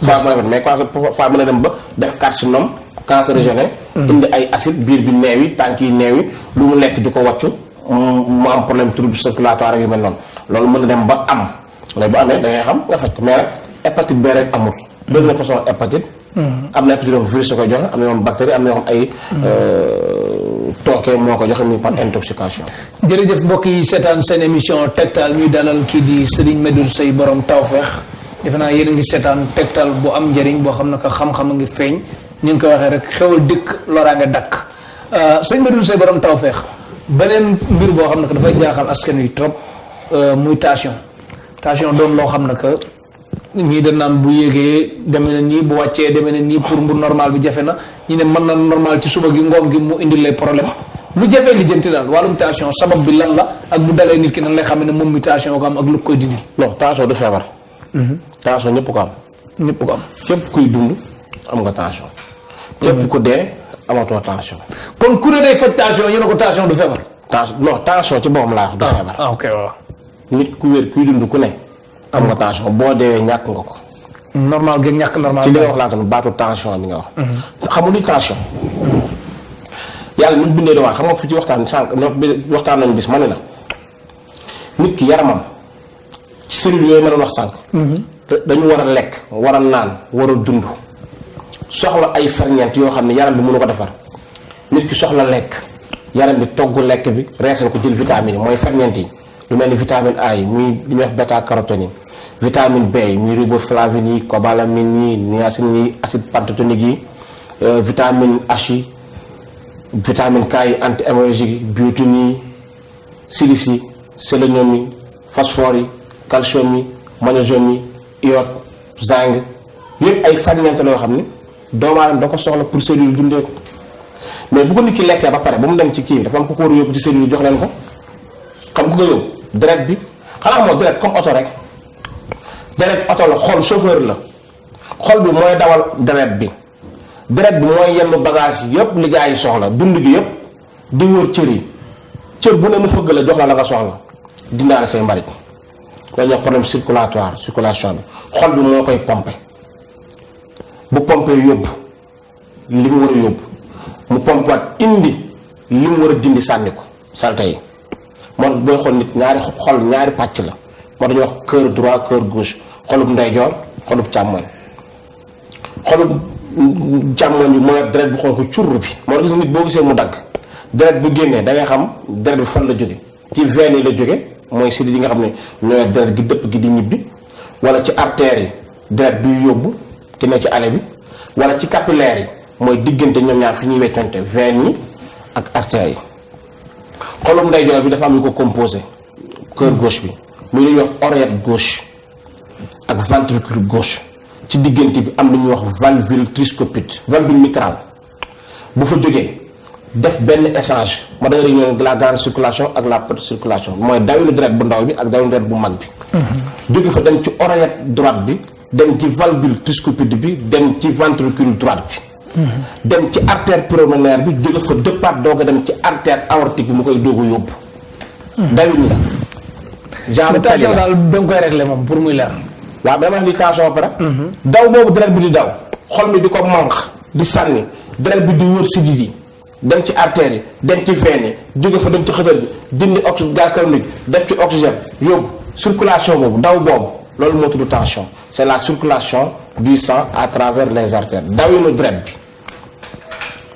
Speaker 1: foie mën a dem mais foie mën a dem ba def carcinome cancérigène indi ay acide biir bi neew yi tànk yi neew yi lu mu lekk di ko wàccu mu am problème trouble circulatoire yu mel noonu loolu mën dem ba am mais bu amee da ngay xam nga faj ko mais nag hépatite B rek amul bëri na façon hépatite hmm. am hépatite virus la koy joxe am na yoo xam bactérie am na yoo xam ay hmm. euh, tookee moo ko joxe muy par intoxication jërëjëf mbokk yi seetaan seen émission Tektal ñuy dalal kii di Serigne Medoune Seye borom tawfeex defena naa ngi setan tektal bu am njëriñ bo xamna ko xam-xam a ngi feeñ ñu ngi ko waxe rek xewal dik lora nga euh sëñ Medoune sey borom tawfiq benen mbir bo xamna ko dafa jaxal askan yi trop euh mutation tension doon lo xamna ko ñi dañ bu yéegee demé na nii bu wàccee demé na nii pour bu normal bi jafe na ne man na normal ci suba gi ngom gi mu indi lay problème lu jafé li jënti dal walu mutation sabab bi lan la ak bu dalé nit ki nan lay xam ne moom ko am ak lu koy dindi lo tension du feebar mhm. tension ñëpp ko am. ñëpp ko am képp kuy dund am nga tension. képp ku dee amatoo tension. kon ku ne day faj tension ñu ne ko tension du feebar. tension ah, ah, nit ku wér boo deewee ñàkk nga ko. normal gën ñàkk normal. ci li nga wax laa tamit baatu tension bi nga wax. Mhm. xamul ni tension. yàlla nu mu bis ma ne la nit ki yaramam ci cellule yooyu ma doon wax sànq. Mhm. dañu war a lekk war a naan war a dund soxla ay ferñeent yoo xam ne yaram bi mënu ko defar nit ki soxla lekk yaram bi togg lekk bi reesal ko jël vitamine mooy ferñeent yi lu mel ni vitamine A yi muy li ñuy wax B yi muy riboflavine yi cobalamine yi niacine yi acide pantotonique yi euh, vitamine H yi vitamine K yi anti hémorragique yi biotine yi silice yi sélénium yi phosphore yi calcium yi magnésium yi yoot zang yëpp ay ferñeent la yoo xam ne doomu aadama da ko soxla pour cellule dundee ko mais bu ko nit ki lekkee ba pare ba mu dem ci kii bi dafa am ko ko war a yóbbu ci cellule jox ko xam ku ko yóbbu deret bi xanaa moo deret comme oto rek deret oto la xol chauffeur la xol bi mooy dawal deret bi deret bi mooy yenn bagage yi yëpp li gaa soxla dund bi yëpp di wër cër yi cër bu ne mu fëgg la jox la la nga soxla dindaale say mbarit koy jox problème circulatoire circulation bi xol bi moo koy pompe bu pompe yóbbu li mu war a yóbbu mu pompewaat indi li mu war a dindi sànni ko salte yi moo booy xool nit ñaari xol ñaari pàcc la moo dañuy wax cœur droit cœur gauche xolub ndeyjoor xolub càmmoñ xolub càmmoñ bi mooy deret bu xonk curr bi moo gis nit boo gisee mu dagg deret bu génnee dangay xam deret bi fan la jóge ci veine yi la jóge moy sidi yi nga xamne ne ñooy deret gi depp gi di ñibbi wala ci artère yi deret bi yobbu ki ne ci alé bi wala ci capillaire yi mooy diggante ñoom ñaar fi ñuy weccante veine yi ak artère yi xolum jor bi dafa am lu ko composer cœur gauche bi muy ñu wax oreille gauche ak ventricule gauche ci digënté bi am lu ñu wax valve tricuspide valve mitrale bu fa jógee def ben échange ma da réunion la grande circulation ak la petite circulation moy dawilu direct bu ndaw bi ak dawilu direct bu mag bi dugg mhm. fa dem ci oreillette droite bi dem ci valvule tricuspide bi dem ci ventricule droite bi mhm. dem ci artère pulmonaire bi dugg fa deux doog doga dem ci artère aortique bi mu koy dogu yob yóbbu mhm. dawil la genre tali dal daal koy régler mom pour muy leer wa dama ni tension opéra daw bobu direct bi di daw xol mi di ko manque di sanni direct bi di wër sidit dem ci artère dem ci veine yi fa dem ci xëtër bi dindi oxygène gaz carbonique def ci oxygène yob circulation boobu daw boobu loolu mo tudu tension c'est la circulation du sang à travers les artères dawinu dreb bi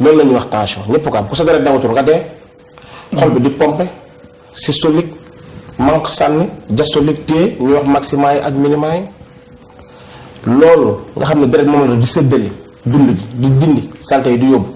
Speaker 1: loolu lañ wax tension ñëpp ko am ku sa deret dawatul nga dé xol bi di pomper systolique manque sànni diastolique téye ñuy wax maxima ak minima yi nga xamné ne deret la di séddale dund di dindi salte du di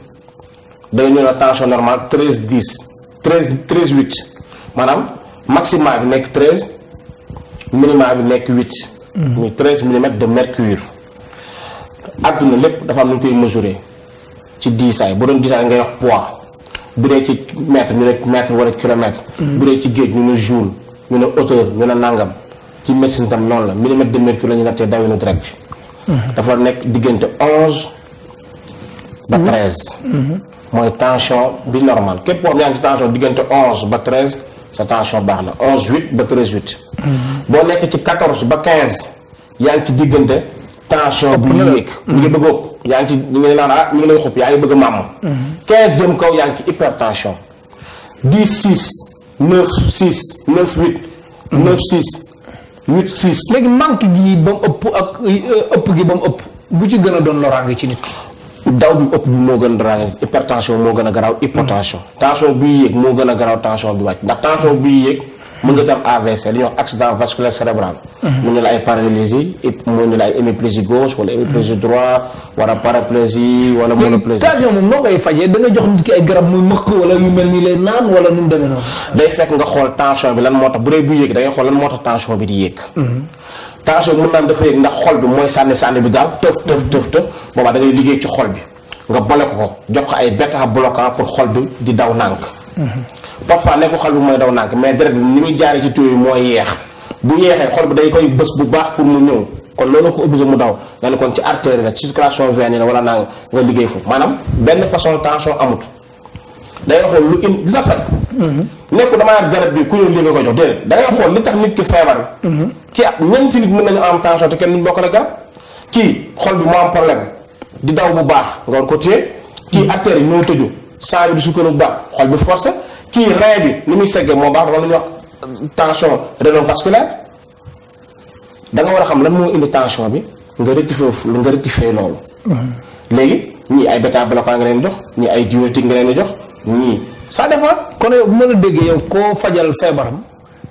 Speaker 1: dañu ne la tension normale treize dix treize treize huit maanaam maximum bi nekk treize minimum bi nekk huit. Mhm. muy treize millimètres de mercure. àdduna lépp dafa am lu ñu koy mesurer ci diisaay bu doon diisaay ngay wax poids bu dee ci mètre ñu ne mètre wala kilomètre. Mhm. bu dee ci géej ñu ne joule ñu ne hauteur ñu ne nangam ci médecine tam noonu la millimètre de mercure la ñu nattee dawinu direct bi. Mhm. dafa nekk diggante onze. ba 13. Mhm. Mhm. moy tension bi normal Que pour xam tension 11 ba 13 sa tension baax na 11 8 ba 13 8. bo ci 14 ba 15 ya ci tension bu nek mu ngi bëgg a 15 dem ah, mhm. kaw ci hypertension 10 6 9 6 9 8. 9 6 8 6. manque ak euh, ëpp gi bu ci daw bi ëpp bi moo gën a garaaw hypertension moo gën a garaaw hypotension tension biy yéeg moo gën a garaaw tension bi wàcc ndax tension biy yéeg mën nga tam AVC li ñuy wax accident vasculaire cérébral mu mhm. ne la ay paralysie mu ne la ay hémiplégie gauche wala hémiplégie mhm. droit wala paraplégie wala monoplégie tension moom noo koy fajee da nga jox nit ki ay garab muy mëq wala yu mel nii lay naan wala nu mu demee noonu day fekk nga xool tension bi lan moo tax bu dee buy yéeg da ngay xool moo tax tension bi di yéeg mhm. tension bi mën naan dafa yëg ndax xol bi mooy sànni sànni bi gaaw tëf tëf tëf tëf boobaa da liggéey ci xol bi nga bole ko ko jox ko ay bêta bloquant pour xol bi di daw nànk mm-hmm. parfois nekku xol bi mooy daw nànk mais deret bi ni muy jaare ci tuyau yi mooy yeex bu yeexee xol bi day koy bës bu baax pour mu ñëw kon loolu ko obligé mu daw nga ne kon ci artère la ci circulation veineuse la wala naa nga liggéey foofu maanaam benn façon tension amut day xool lu in gis nga faj mhm. nekku damaa ak garab bi ku ñëw lii nga ko jox déedéet da ngay xool li tax nit ki feebar ki mhm. ak ñeenti nit mën nañu am tension te kenn duñ bokkale garab kii xol bi moo am problème di daw bu baax nga war ko téye kii mhm. artères yi ñoo tëju sang bi di sukkar bu baax xol bi forcé kii rein bi ni muy seggee moo baax dafa la ñuy wax tension rénovasculaire da danga war a xam lan moo indi tension bi nga rectifier nga rectifier loolu léegi ñii ay bêta bloquant nga leen jox ñii ay diurétique nga leen jox ça dépend kon yow bu mën a déggee yow koo fajal feebaram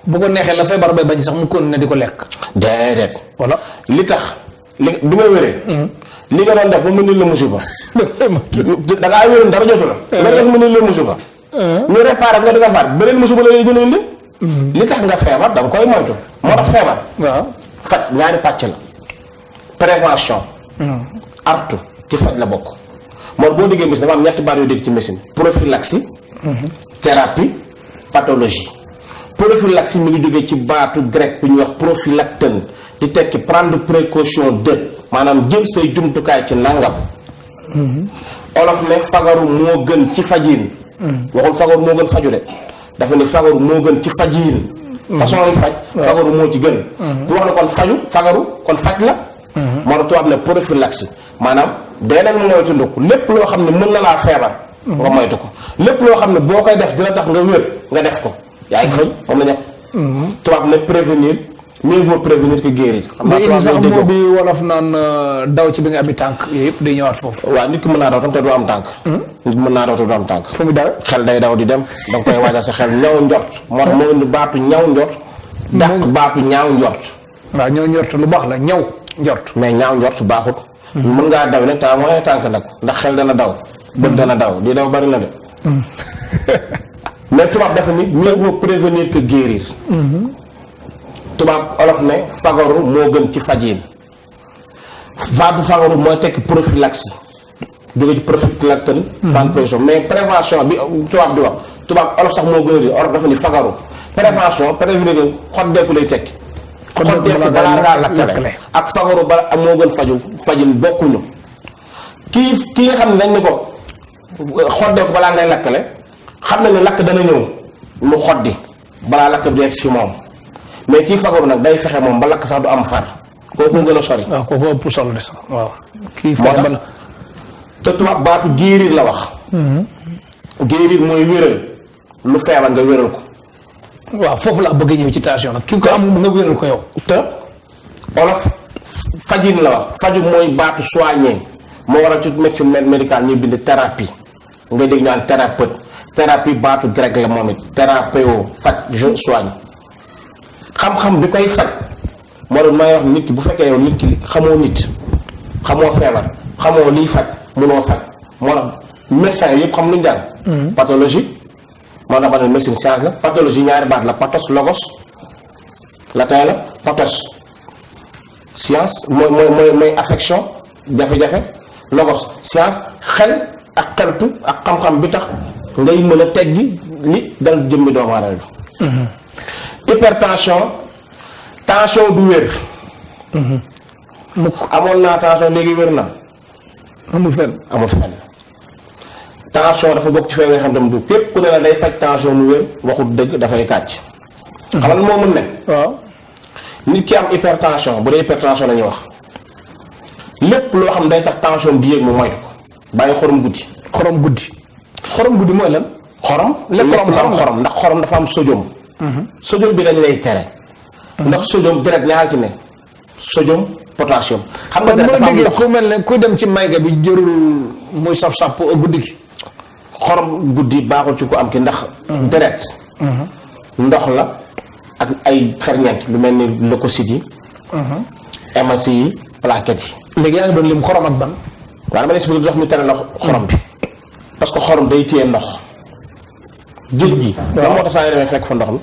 Speaker 1: bu ko neexee la feebar bay bañ sax mu kon ne di ko lekk. déedéet. voilà li tax li bi nga wéree. Hmm. li ko doon def ba mu ni la musiba. da ngaa wéroon dara jotu la. Hmm. nga def mu ni la musiba. Hmm. ñu nga di nga faat beneen musiba la lay gën a indi. li tax nga feebar danga koy moytu. moo tax feebar. waaw faj ñaari pàcc la. prévention. artu ci faj la bokk. moom boo déggee médecine dafa am ñetti baat yoo dégg ci médecine prophylaxie thérapie pathologie prophylaxie mu ngi jógee ci baatu grec bi ñuy wax prophylactène di tekki prendre précaution de maanaam jël say jumtukaay ci nangam olof ne fagaru moo gën ci fajiin waxul fagaru moo gën faju de dafa ne fagaru moo gën ci fajiin façon yi faj fagaru moo ci gën bu mhm. wax ne kon faju fagaru kon faj la mhm. moo tax tubaab ne prophylaxie maanaam dee nag moytandiku lépp loo xam ne mën na laa feebar. nga mhm. moytu ko lépp loo xam ne boo koy def dina tax nga wér nga def ko. yaa ngi mhm. fañ moom la ñu am. Mhm. tubaab nag prévenir mieux vaut prévenir que guérir. xam euh, daw ci bi nga ami tànk yooyu ñëwaat foofu. waaw nit ki mën naa daw tam te du am tànk. Hmm? nit mën naa daw te du am tànk. mu daw xel day daw di dem da nga koy waajal sa xel ñaw njort. moo tax hmm? moo indi baatu ñaw njort. dàq hmm? baatu ñaaw njort. waaw ñaw njort lu baax la ñaw njort. mais ñaaw njort baaxut. mën ngaa daw nag taa mooy tànk nag ndax xel dana daw bët dana daw di daw bari na de mm. mais tubaab dafa ni mieux vaut prévenir que guérir mm-hmm. tubaab olof ne fagaru moo gën ci fajiin va du fagaru mooy tekk prophylaxie jóge ci prophylactine mm-hmm. prendre prévision mais prévention bi tubaab di wax tubaab olof sax moo gën a olof dafa ni fagaru prévention prévenir xot deeku lay tekki
Speaker 2: xotteeku balaa ngaa lakkale
Speaker 1: ak sangaru ba ak moo gën faju fajin bokkuñu kii kii xam ne dañ ne ko xotteeku balaa ngay le xam na ne lakk dana ñëw lu xoddi balaa lakk bi yegg si moom mais kii fagaru nag day fexe moom ba lakk sax du am far kooku gën a sori. waaw kooku ëpp solo de sax waaw. kii fexe ba la te tubaab baatu guérir la wax. Mhm. guérir mooy wéral lu feebar nga wéral ko. waaw foofu laa bëgg ñëw ci tension nag ki ko am nga wéral ko yow. te olof fajin la wax mooy baatu soigné moo waral ci médecine médicale ñuy bind thérapie nga dégg naan thérapeute thérapie baatu grec la moom it thérapeo faj je soigne xam-xam bi koy faj moo doon may wax nit ki bu fekkee yow nit ki xamoo nit xamoo feebar xamoo liy faj munoo faj moo tax médecin yëpp xam lu ñu jàng hmm. pathologie moo tax ma ne médecine science la pathologie ñaari baat la pathos logos latin la pathos science mooy mooy mooy affection jafe-jafe logos science xel ak xeltu ak xam-xam bi tax ngay mën a teggi li dal jëmmi doomu aadama bi mhm. hypertension tension du wér mhm. amoon naa tension léegi wér na amul fenn amul fenn tension dafa bok ci fay yoo xam ne du kep ku ne la day fac tension mu wér waxut dëgg dafay kàcc. xamal mo mën ne. waaw nit ki am hypertension bu day hypertension lañ wax lépp lo xam day tax tension bi yeug mu moytu ko bàyyi xorom guddi. xorom guddi. xorom guddi moy lan. xorom le xorom xorom xorom ndax xorom dafa am sodium. hmm sodium bi dañ lay tere. ndax sodium direct ñaal ci ne sodium potassium. xam nga dafa am ndox ku mel ku dem ci mayga bi jërul moy saf-saf guddi xorom guddi baaxul ci ko am ki ndax mhm. deret mhm. ndox la ak ay ferñeent lu melni ni leucocyte yi mhm. MAC yi plaquettes yi léegi yaa ngi lim xorom ak ban waaw dama ne si bëgg ndox mi la xorom bi parce que xorom day téye ndox géej gi la moo tax saa demee fekk fa ndox mi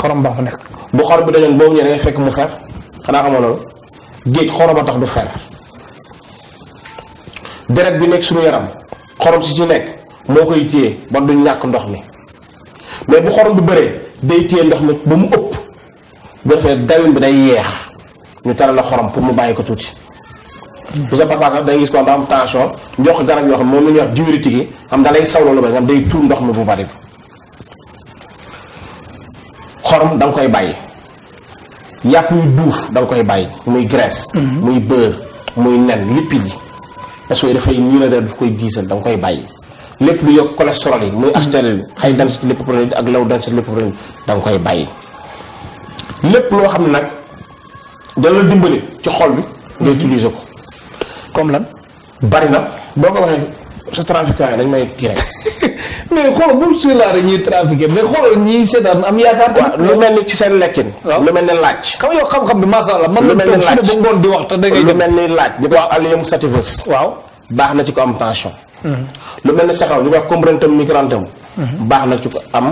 Speaker 1: xorom ba fa nek bu xorom bi dañu boobu ñëwee da ngay fekk mu fer xana xamoo loolu géej xorom a tax du fer deret bi nek suñu yaram xorom si ci nekk moo koy téye ba duñ ñàkk ndox mi mais bu xorom bi bëree day téye ndox mi ba mu ëpp bu defee bi day yeex ñu tere la xorom pour mu bàyyi ko tuuti bu sa papa sax day gis ko am tension jox ko garab yoo xam moom la ñuy wax diurétique yi xam da lay lu ba nga day tuur ndox mi bu bari xorom da koy bàyyi yàpp yu duuf da koy bàyyi muy graisse mm-hmm. muy beurre muy nen lipides yi parce que dafay ñu ne daf koy diisal da nga koy bàyyi lépp lu yokk cholestérol yi muy HDL high density lipoprotein ak low density lipoprotein da nga koy bàyyi lépp loo xam ne nag dana la dimbali ci xool bi nga utiliser ko comme lan bari na boo ko waxee sa trafiquant yi dañ may kii rek. mais xool bu si laa ñuy trafiqué mais xool ñiy seetaan am yaakaar. waaw lu mel ni ci seen lekkin. waaw lu mel ni laaj. xam yow xam-xam bi macha allah. mën na toog fii ba ngoon di wax te da ngay. lu mel ni laaj ñu koy wax allium sativus. waaw baax na ci ko am tension. Hmm. lu mel ni saxaw ñu koy wax combrantum micrantum. Hmm. baax na ci ko am.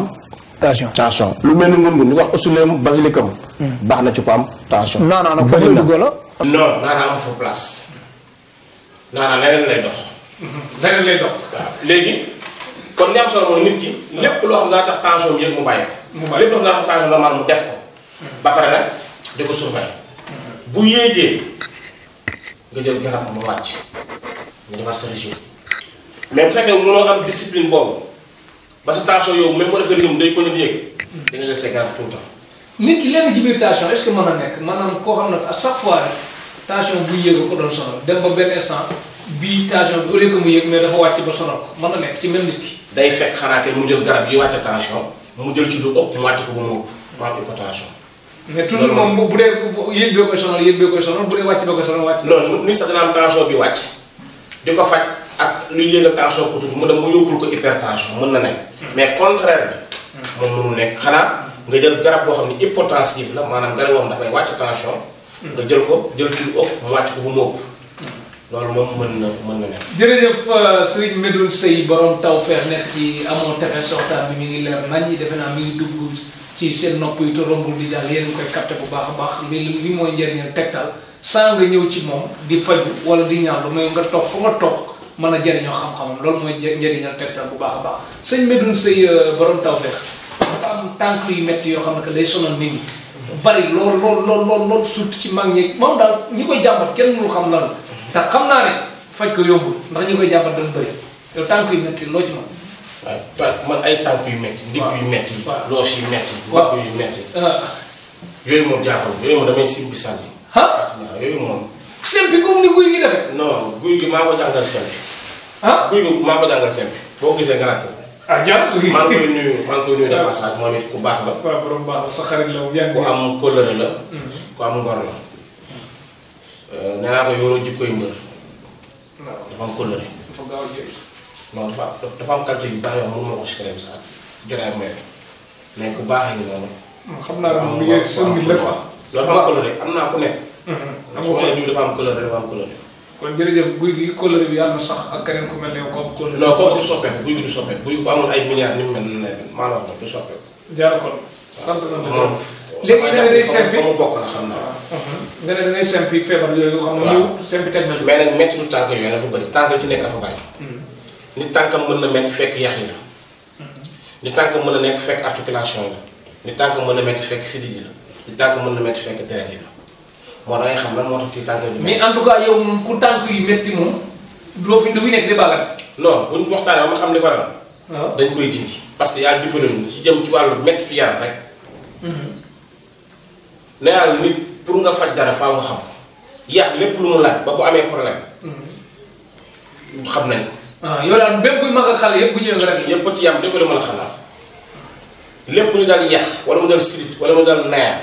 Speaker 1: tension tension lu mel ni ngungun ñu koy wax osuleum basilicum. Hmm. baax na ci ko am tension. non non non foofu la duggoo la. non dara lay dox. waaw léegi kon li am solo mooy nit ki. lépp loo xam ne daa tax tension bi yëg mu bàyyi ko. mu bàyyi ko ba pare nag di ko surveiller. bu yéegee garab mu wàcc mu defar sa régime. mais bu fekkee mënoo am discipline boobu ba sa tension yow même boo defee régime jël say garab temps. nit ki lenn ci biir est-ce que mën na nekk maanaam koo xam ne à chaque fois tension bu yéeg ko doon sonal dem ba benn instant. bii tension bi au lieu que mu yëg ne dafa wàcc ba sonal ko mën na nekk ci mel nit ki. day fekk xanaa kay mu jël garab yi wàcc tension mu jël ci lu ëpp mu wàcc ko ba mu moom bu dee yëg bee koy sonal yëg bee koy bi wàcc di ko faj ak lu yëngal tension ko tuuti mu ko hypertension mën na nekk. mais contraire bi. moom mënul xanaa nga jël garab boo xam ne hypotensif la maanaam garab boo xam dafay wàcc tension. nga jël ko jël ci lu ko ba mu ëpp loolu moom mën na mën na nekk jërëjëf euh, sëriñ Medoun Sey borom taw feex nekk ci amoo tefe soxtaan bi mi ngi leer nañ ñi defe naa mi ngi dugg ci seen nopp yi te di jàll yéen koy capté bu baax a baax li li mooy njëriñal tegtal sans nga ñëw ci moom di faju wala di ñaan lu may nga toog fa nga toog mën a jëriñoo xam-xamam loolu mooy njëriñal tegtal bu baax a baax sëñ Medoun Sey euh, borom taw feex dafa am tànk yu métti yoo xam ne que day sonal nit ñi bari lool lool lool lool lool ci mag ñi moom daal ñi koy jàmbat kenn xam lan te xam naa ne faj ko yombul ndax ñu koy jàppal dañ bëri yow tànk yu métti loo man waaw man ay tànk yu yu métti loos yu métti bopp yu métti ah. yooyu moom jaaxal yooyu moom damay simpi sànni ah yooyu moom simpi comme ni guy gi it ku baax la. baax la sa xarit la bu yàgg. ku am kóllëre la. Mm-hmm. ku am ngor la. Euh, nee naa ko yoroo jikkoy mbër. dafa am kóllëre. dafa a dafa am qualité yu baax yoo xam ku baax a ngi xam naa ne mi ngi sën bi am kóllëre am naa nekk. Mm-hmm. su ma nee dafa am kóllëre dafa am kóllëre. kon jërëjëf guy gi kóllëre bi yàlla na sax ak keneen ku mel ne ko am kóllëre. kooku soppeeku guy gi du soppeeku guy bu amul ay milliards ni mel ni mu mel du soppeeku. jaar kon sant nañ la léegi da ngay simpi mu bokk na xam naa. nga ne da ngay simpi feebar yooyu xam nga ñëw simpi teg nañu. mais nag métti lu tànk yooyu dafa bëri tànk yu ci nekk dafa bëri. Hmm. nit tànkam mën na métti fekk yax yi la. Hmm. nit tànkam mën na nekk fekk articulation yi la. nit tànkam mën na métti fekk sidit yi la. nit tànkam mën na métti fekk deret yi la. moo da ngay xam lan moo tax kii tànk yi. mais en tout cas yow moom ku tànk yu métti moom. doo fi du fi nekk di bàggat. non buñ waxtaanee ba nga xam li ko ah. dañ koy dindi parce que yaa jubbalal ci jëm ci wàllu métti fi yaram rek hmm. ne yàlla nit pour nga faj dara fa nga xam yàq lépp lu mu laaj ba bu amee problème. Mm-hmm. xam nañ ko. waaw ah, yow daal bépp mag ak xale yëpp bu ñëwee nga rek. yëpp ci yam dëgg ma la lépp lu dal yàq wala mu dal wala mu dal nayam.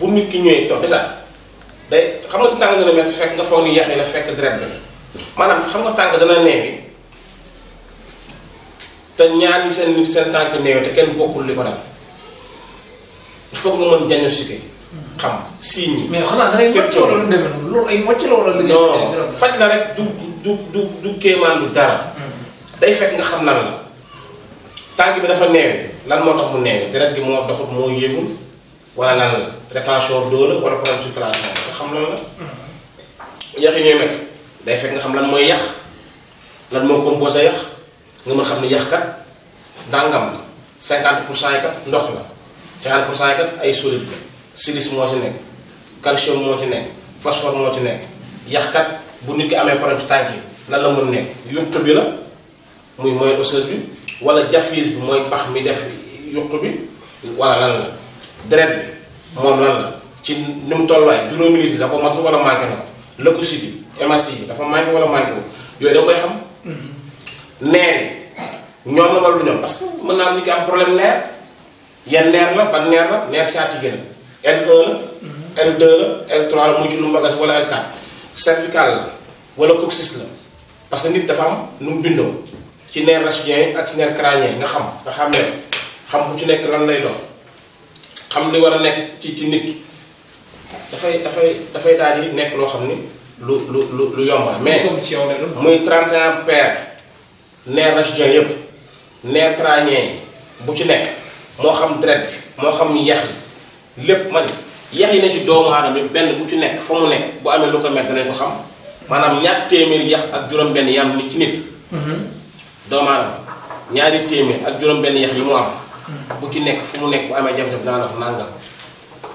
Speaker 1: Mm-hmm. ki ñëwee toog déjà xam nga tàng dana metti fekk nga foog yi la fekk deret bi xam nga tàng dana neewi te ñaar yi seen nit seen tànk neewi te kenn bokkul li ko dal. il faut nga mën diagnostiquer xam signes yi. mais xanaa da ngay mocc wala lu demee noonu loolu ay mocc la wala. non faj la rek du du du du kéemaan du dara. Hmm. day fekk nga xam lan la tànk bi dafa neewe lan moo tax mu neewe deret gi moo doxut moo yéegul wala lan la rétention la wala problème circulation nga xam lan la. Hmm. yax yi ñooy métti day fekk nga xam lan mooy yax lan moo composé yax nga mën xam ne yax kat ndàngam la 50 pour cent ndox la. cinquante pour cent ay solide la silice moo ci nekk calcium moo ci nekk phosphore moo ci nekk yaxkat bu nit ki amee problème ci tànk lan la mën nekk yuq bi la muy moelle osseuse bi wala jafiis bi mooy pax mi def yuq bi wala lan la deret bi moom lan la ci ni mu tolluwaay juróomi litre da ko mat wala manqué na ko leucocyte yi hémocyte yi dafa manqué wala manqué wu yooyu da koy xam mhm. neer yi ñoom la wala du ñoom parce que mën naa am nit ki am problème neer yan neer la ban neer la neer sciatique la L1 mhm. la L2 la L3 lu mbagas wala L4 cervical la wala coccyx la parce que nit dafa am nu mu bindoo ci neer rachidien yi ak ci neer crânien nga xam nga xam ne xam bu ci nekk lan lay dox xam li war a nekk ci ci nit ki dafay dafay dafay daal di nekk loo xam ni lu lu lu lu yomb la mais muy 31 paires neer rachidien yëpp neer crânien bu ci nekk. moo xam deret bi moo xam yax yi lépp man yax yi na ci doomu aadama yi benn bu ci nekk fa mu nekk bu amee lu ko mett nañ ko xam maanaam ñaar téeméeri yax ak juróom-benn yam ni ci nit doomu aadama ñaari téeméer ak juróom-benn yax yi mu am bu ci nekk fu mu nekk bu amee jafe-jafe daan wax nangam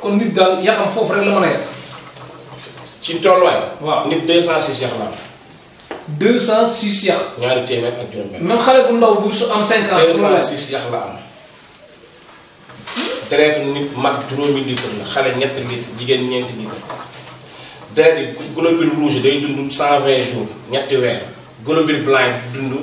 Speaker 1: kon nit daal yaxam foofu rek la mën a yàq ci tolluwaay waaw nit 206 yax la am 206 yax ñaari téeméer ak juróom-benn même xale bu ndaw bu am 5 ans 206 yax la am deretu nit mag juróomi litre la xale ñetti litre jigéen ñeenti litre deret yi globule rouge day dund cent vingt jours ñetti weer globule blanc yi dund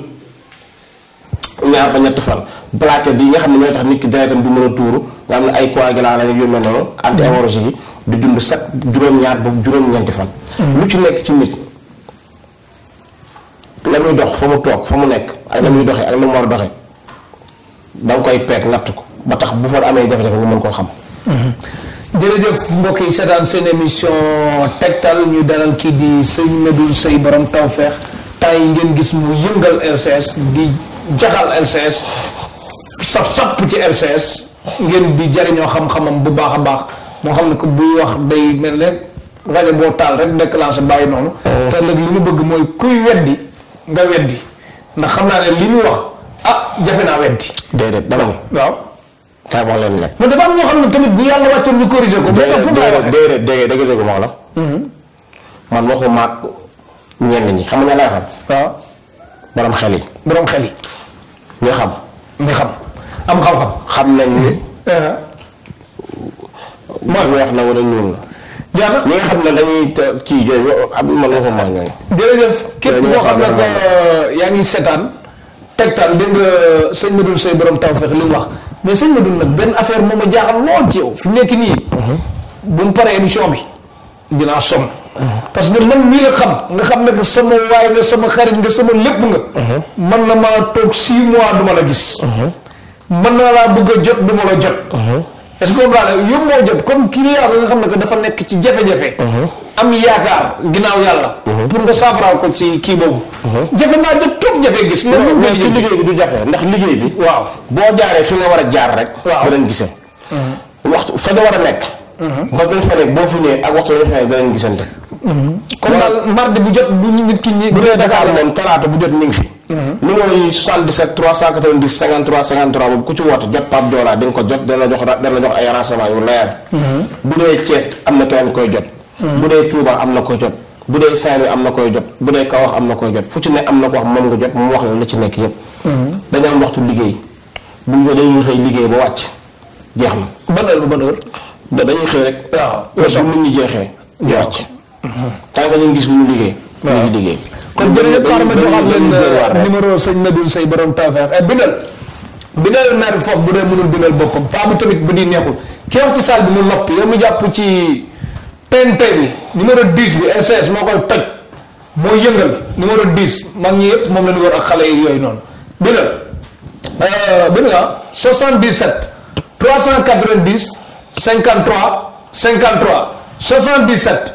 Speaker 1: ñaar ba ñett fan plaquettes yi nga xam ne ñooy tax nit ki deretam du mën a tuuru nga xam ne ay coagulant la yu mel noonu anti-hémorragique yi di dund sax juróom-ñaar ba juróom-ñeenti fan hmm. lu ci nekk ci nit la muy dox fa mu toog fa mu nekk ak la muy doxee ak la mu war a doxee da koy peeg natt ko ba tax bu fa amé jafé jafé ñu mën ko xam mhm. jërëjëf mbokk yi seetaan seen émission tektal ñu dalal ki di sëñ Medoune Sey borom tawfex tay ngeen gis mu yëngal rcs di jaxal rcs sap sap ci rcs ngeen di jariñoo xam-xamam bu baaxa baax mo xam ne ko buy wax day mel ne rajo boo taal rek déclenché bàyyi noonu oh. té nak li ñu bëgg moy kuy weddi nga weddi ndax xam na né li ñu wax ah jafé na weddi dédé dama waaw xeeboo leen nag dafa am ñoo xam tamit bu yàlla wàccoon ñu corrigé ko mais fu ngay wax déedéet déedéet dëgg dëgg moo la man waxuma ak ñenn ñi xam nga lay xam waaw borom xel yi borom xel yi ñu xam ñu xam am xam-xam xam nañ ni mooy weex na wala ñuul na jaana ñi xam ne dañuy kii jooju xam ko nga Sey borom li wax mais sëñ Madou nag benn affaire moom a jaaxal lool ci yow fi mu nekk nii. Mhm. buñ paree émission bi dinaa sonn. Mhm. parce que man mii la xam nga xam ne que sama waay nga sama xarit nga sama lépp nga. man mhm. na maa toog six mois duma la gis. man naa laa bëgg a jot du ma la jot. est-ce que comprendre yóbboo jëm comme client bi nga xam ne que dafa nekk ci jafe-jafe. Uh-huh. am yaakaar ginnaaw yàlla. Uh-huh. pour nga saafaraal ko ci kii boobu. Uh-huh. jafe naa jëm toog jafe gis. mais mais ci liggéey bi du jafe ndax liggéey bi. waaw boo jaaree fi nga war a jaar rek. waaw danañ gisee. waxtu fa nga war a nekk. ba nga boo fi ñëwee ak waxtu bi nga fa nekk danañ Mhm. comme daal mardi bu jot bu nit ki ñi bu bu jot ñu ngi fi numéro yi 77 390 53 53 boobu ku ci nga ko jot dana mhm. bu dee Thiès am na keneen koy jot mhm. bu dee Touba am na koy jot bu dee Saint-Louis am na koy jot bu dee Kaolack koy jot fu ci ne am na ko wax moom nga jot mu wax la li ci nekk yëpp dañu am bu ñu dañuy xëy ba wàcc jeex na ban ba ban heure dañuy xëy rek ah, waaw heure bu nit jeexee ñu wàcc tanka ñu gis mu liggéey ñu liggéey kon Nabil say borom tawfeex bindal bindal mer foofu bu dee mënul bindal boppam paamu tamit bu di neexul ki wax ci salle bi mu noppi yow mu jàpp ci TNT bi 10 bi SS moo koy toj moo yëngal numéro 10 77 390 53 53 77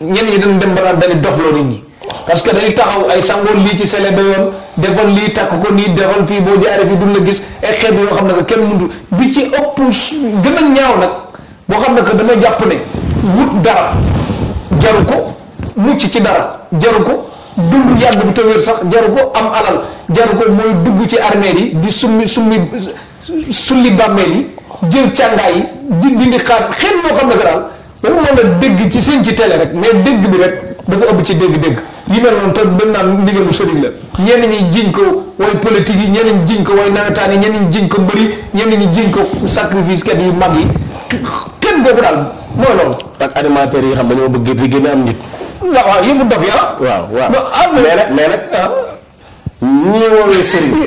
Speaker 1: ñenn ñi dañu dem ba naan dañu dofloo nit ñi parce que dañuy taxaw ay sangoon lii ci sele ba yoon defoon lii takk ko nii defoon fii boo jaaree fii duñ la gis ay xeet yoo xam ne que kenn mënut bi ci ëpp gën a ñaaw nag boo xam na que damay jàpp ne wut dara jaru ko mucc ci dara jaru ko dund yàgg fi te sax jaru ko am alal jaru ko mooy dugg ci armeel yi di summi summi sulli bàmmeel yi jël càngaay yi di dindi xaar xeet yoo xam ne que daal yow mën a dégg ci seen ci tele rek mais dégg bi rek dafa ëpp ci dégg-dégg yi mel noonu te dañ naan ndigalu sëriñ la ñenn ñi jiñ ko way politique yi ñenn ñi jiñ ko way nawetaan yi ñenn ñi jiñ ko mbëri ñenn ñi jiñ yu mag yi kenn boobu daal mooy loolu. ak xam dañoo bëgg di gën a am nit. waaw waaw yëfu dof yi ah. waaw waaw ah, mais nag mais nag ah. ñi woowee sëriñ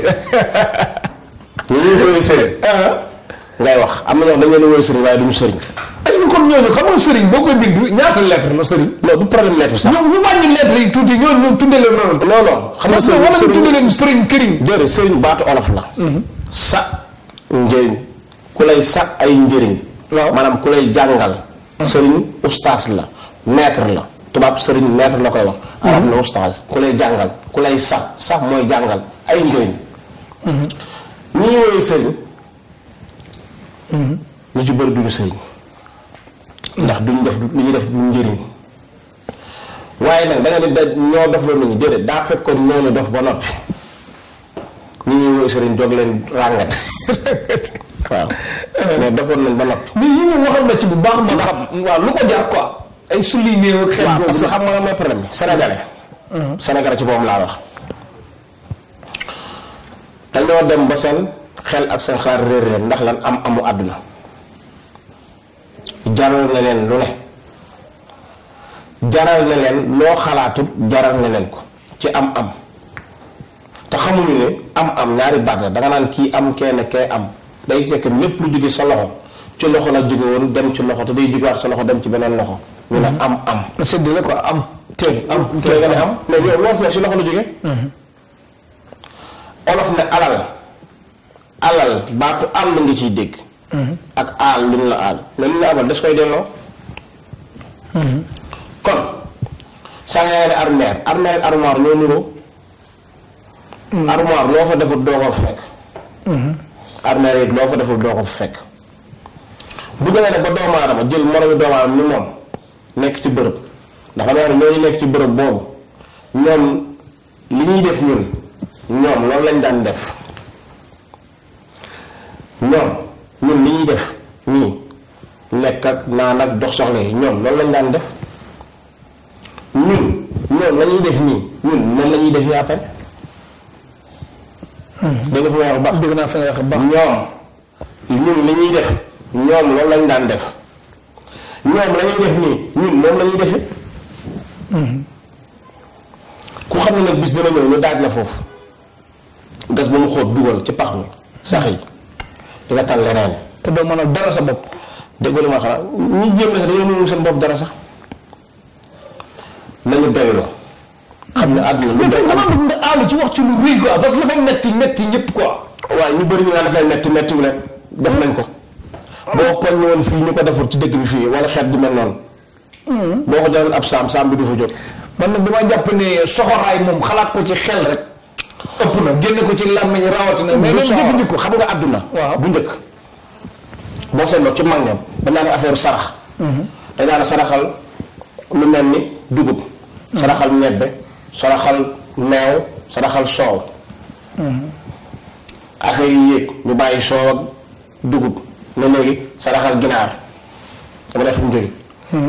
Speaker 1: ñi woowee ah. wax am na ñoo xam dañu leen a woowee sëriñ waaye duñu sëriñ. est ce comme ñooñu xam nga sëriñ boo koy bind ñaata lettre la sëriñ. non du problème lettre sax. ñoom ñu wàññi lettre yi tuuti ñooñu ñu tuddee leen noonu. non non xam nga sëriñ sëriñ këriñ. déedéet olof la. Mhm. sa njëriñ ku lay sa ay njëriñ. maanaam ku lay jàngal. Mhm. sëriñ ustaas la maître la. tubaab sëriñ maître la koy wax. Mhm. arab na ustaas ku lay jàngal ku lay sa sa mooy jàngal ay njëriñ. ñi ñuy sëriñ. lu ci bëri duñu sëriñ. ndax duñ def li ñuy def du njëriñ waaye nag da nga ne da ñoo dof la ñu déedéet daa fekkoon noonu dof ba noppi sëriñ doog leen ràngat waaw nañ ba noppi. mais yi ñu waxal na ci bu baax ma xam waaw lu ko jar quoi. ay sulli néew ak xel waaw nga mooy mm-hmm. Mm-hmm. boobu laa wax. dañoo dem ba seen xel ak seen xaar réer réer ndax lan am amu àdduna. jaral na leen lu ne jaral na leen loo xalaatut jaral na leen ko ci am-am te xamuñu ne am-am ñaari baat la danga naan kii am kenn kay am day fekk lépp lu jóge sa loxo ci loxo la jóge woon dem ci loxo te day jógewaat sa loxo dem ci beneen loxo. ñu ne am am. Mm-hmm. séddale ko am. teel am teel nga ne am mais yow la jóge. Mm-hmm. olof ne alal alal baatu àll nga ciy dégg. ak aal lu mu la aal mais lu la abal das koy delloo kon saa nga ne armoire armoire ak armoire ñoo nuroo armoire loo fa defut doo ko fekk armoire it loo fa defut doo ko fekk bu demee nag ba doomu aadama jël moromu doomu ni moom nekk ci bërëb ndax dama ne ñooñu nekk ci bërëb boobu def lañ daan def ñoom ñun li ñuy def nii lekk soxla yi ñoom loolu lañ daan def ñun ñoom la ñuy def nii ñun noonu la def yi après. Hmm. dégg nga fi naa fi may wax baax. ñoom lañ daan def ñoom la ñuy def nii ñun noonu la ñuy hmm. ku xam ne nag bis dana ñëw ñu daaj la foofu gas ba mu xóot dugal ci pax mi sax yi. wetal leneen te doo mën dara sa bopp déggoo li ma xalaat ñu jéem la sax dañoo mënul seen bopp dara sax nañu doyloo xam ne àdduna lu doy am àll ci wax ci lu ruy quoi parce que dafay metti metti ñëpp quoi waaw ñu bëri ñu naan dafay metti metti wu leen def nañ ko boo poñ woon fii ñu ko deful ci dëkk bi fii wala xeet du mel noonu hmm. boo ko ab saam saam bi du fa jóg man nag dama jàpp ne soxoraay moom xalaat ko ci xel rek ëpp na génne ko ci làmmiñ rawatina. mais même jëfandiku xam nga àdduna. waaw bu njëkk. boo seetloo ci mag ñoom dañ naan affaire sarax. Mhm. dañ naan saraxal lu mel ni dugub. Mhm. saraxal ñebbe saraxal meew saraxal soow. Mhm. affaire yi yéeg ñu bàyyi soow dugub ne léegi saraxal ginaar dama def mu jógee.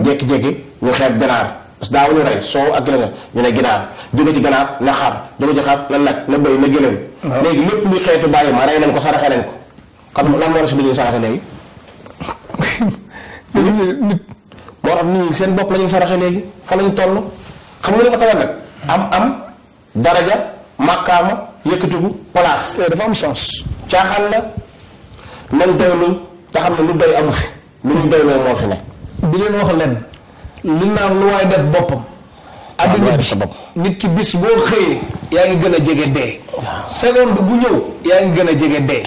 Speaker 1: jékki-jékki ñu xeeb ginaar. parce que daawuñu rey soow ak leneen ñu ne ginaar jóge ci ganaar na xar jóge ci xar na nag na bëy na gëlëm léegi lépp luy xeetu bàyyi ma rey nañ ko saraxe nañ ko xam lan moo la si duñu saraxe nit seen fa xam nga ko tawal am am daraja màkkaama yëkkatiku place eh, dafa am sens cahan, la nañ doylu te xam ne lu doy amu fi lu ñu doyloo moo fi ne leen lenn li naan lu waay def boppam. adduna sa bopp nit ki bis boo xëyee. yaa ngi gën a jege dee. seconde bu ñëw yaa ngi gën a jege dee.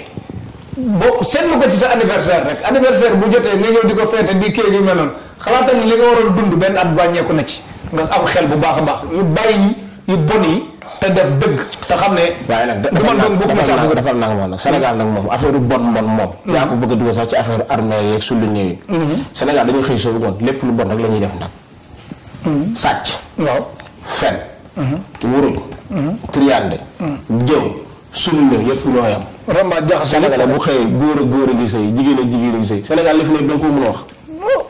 Speaker 1: boo seetlu ko ci sa anniversaire rek anniversaire bu jotee nga ñëw di ko feete di kii yu mel noonu xalaatal li nga waroon dund benn at wàññeeku na ci nga am xel bu baax a baax yu bàyyi yu bon yi. te def deug te xamne waye nak dama doon bu ko ci am defal nak mom nak mom affaire bon bon mom hmm. ya ko bëgg dugg sax ci affaire armée yek sulu ñew Sénégal dañuy xey so bon lepp lu bon rek lañuy def nak hmm. sacc waaw fen hmm. wuruj triande jëw sulu ñew yépp ñoyam ramba jax Sénégal bu xey goor goor gi sey jigéen ak jigéen gi sey Sénégal li fi ne oh, ko mëna wax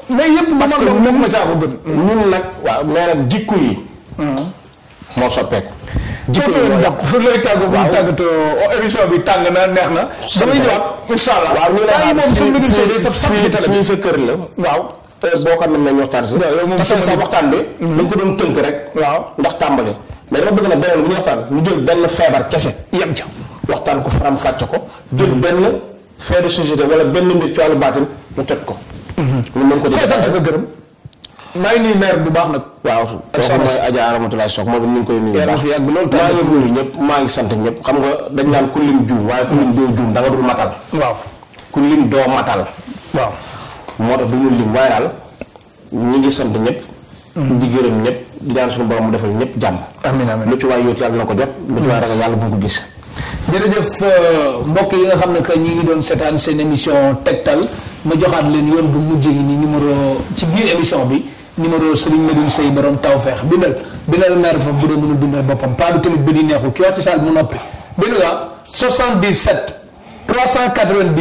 Speaker 1: mais yépp ma ma ma ñun nak mais nak yi mo soppeku jikkoon jàpp foofu lay tàggu bu tàggatoo émission bi tàng na neex na. damay ñëwaat incha allah. waaw ñu lay moom suñu mbir mi si sa kër la. waaw boo ko ne nañu waxtaan si. te sa waxtaan bi. Mhm. dañ ko doon tënk rek. waaw ndax tàmbali. mais dama bëgg na beneen bu ñu waxtaan ñu jël benn feebar kese. yem ca waxtaan ko faram fàcce ko. jël benn fait de société wala benn mbir ci wàllu baatin mu toj ko.
Speaker 2: ñu mhm. mën ko di. sant ko
Speaker 1: gërëm. may ni maire bu baax nak waaw kooku mooy aja aramatulaay soog moo ñu ngi koy nuyu baax yàgg loolu maa ngi nuyu ñëpp maa ngi sant ñëpp xam nga dañ naan ku lim juum waaye ku lim doo juum da nga dul matal waaw ku lim doo matal waaw moo tax du ñu lim waaye daal ñi ngi sant ñëpp di gërëm iya, iya, ñëpp di ñaan suñu borom mu defal ñëpp jàmm amin amin lu ci waay yóot yàlla na ko jot lu ci waay ragal yàlla bu ko gis jërëjëf eh, mbokk yi nga xam ne que ñi ngi doon seetaan seen émission tegtal ma joxaat leen yoon bu mujjee ni numéro ci biir émission bi numéro Serigne Medoune Sey borom tawfeex bindal bindal maire foofu bu dee mën a bindal boppam paa bi tamit bi di neexul ki wax ci saal mu noppi bind nga 77 390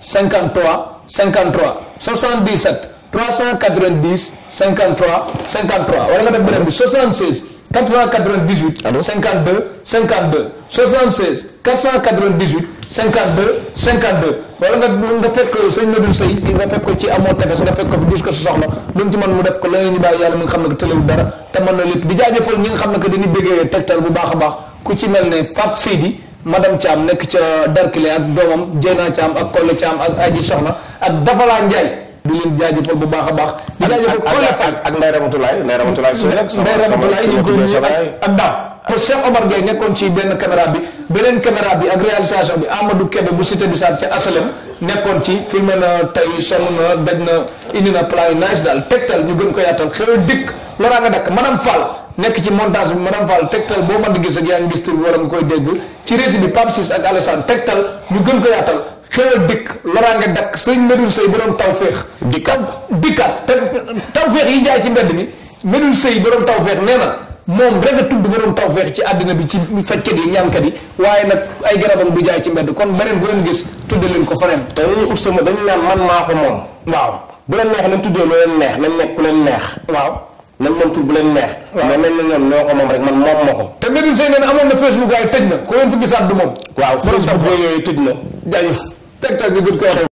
Speaker 1: 53 53 77 390 53 53 wala nga def beneen bi 76 498. allo 52 52 76 498. 52 52 wala nga nga fekk sëñ Medoune Seye nga fekk ko ci amoo tefes nga fekk ko fi diis ko si soxla lu mu ci mën mu def ko la ngeen ñu bàyyi yàlla mi nga xam ne que tëlewul dara te mën na lépp di jaajëfal ñi nga xam ne que dañuy béggee tegtal bu baax a baax ci mel ne Pape Seydi madame Thiam ak doomam Dieyna Thiam ak Kolle Thiam ak Aji Soxna ak Dafala Ndiaye di leen jaajëfal bu baax a baax. di jaajëfal Kolle Fall ak ak Ndeye Ramatulaye Ndeye Ramatulaye. Ndeye Ramatulaye ñu ngi koy ak pour Cheikh Omar Gueye nekkoon ci benn caméra bi beneen caméra bi ak réalisation bi Amadou Kébé bu cité du Sall ca asalem nekkoon ci filmé na tey sonn na indi na plan yu nice daal tegtal ñu gën ko yaatal xëy dikk loraa nga dakk madame Fall nekk ci montage bi madame Fall tegtal boo mën gis ak yaa ngi gis koy dégg ci régie bi Pape Ciss ak Alassane tegtal ñu gën ko yaatal xewal dikk loraa nga dakk sëñ Medoune Seye borom taw féex dikkaat dikkaat te taw féex yi jaay ci mbedd mi Medoune Seye borom taw féex nee na moom rek a tudd borom tawfeex ci àddina bi ci fajkat yi ñaankat yi waaye nag ay garabam du jaay ci mbedd kon beneen bu leen gis tudde leen ko feneen te dañuy ut sama dañu naan man maa ko moom waaw bu leen neex nañ tuddee lu leen neex nañ nekk ku leen neex waaw nañ moom tur bu leen neex mais nañ na ñoom ñoo ko moom rek man moom ma ko te Médoune Seye nee na amoon na Facebook waaye tëj na ku leen fi gisaat du moom waaw borom tawfeex yooyu tëj na jaajëf tegtal bi gën ko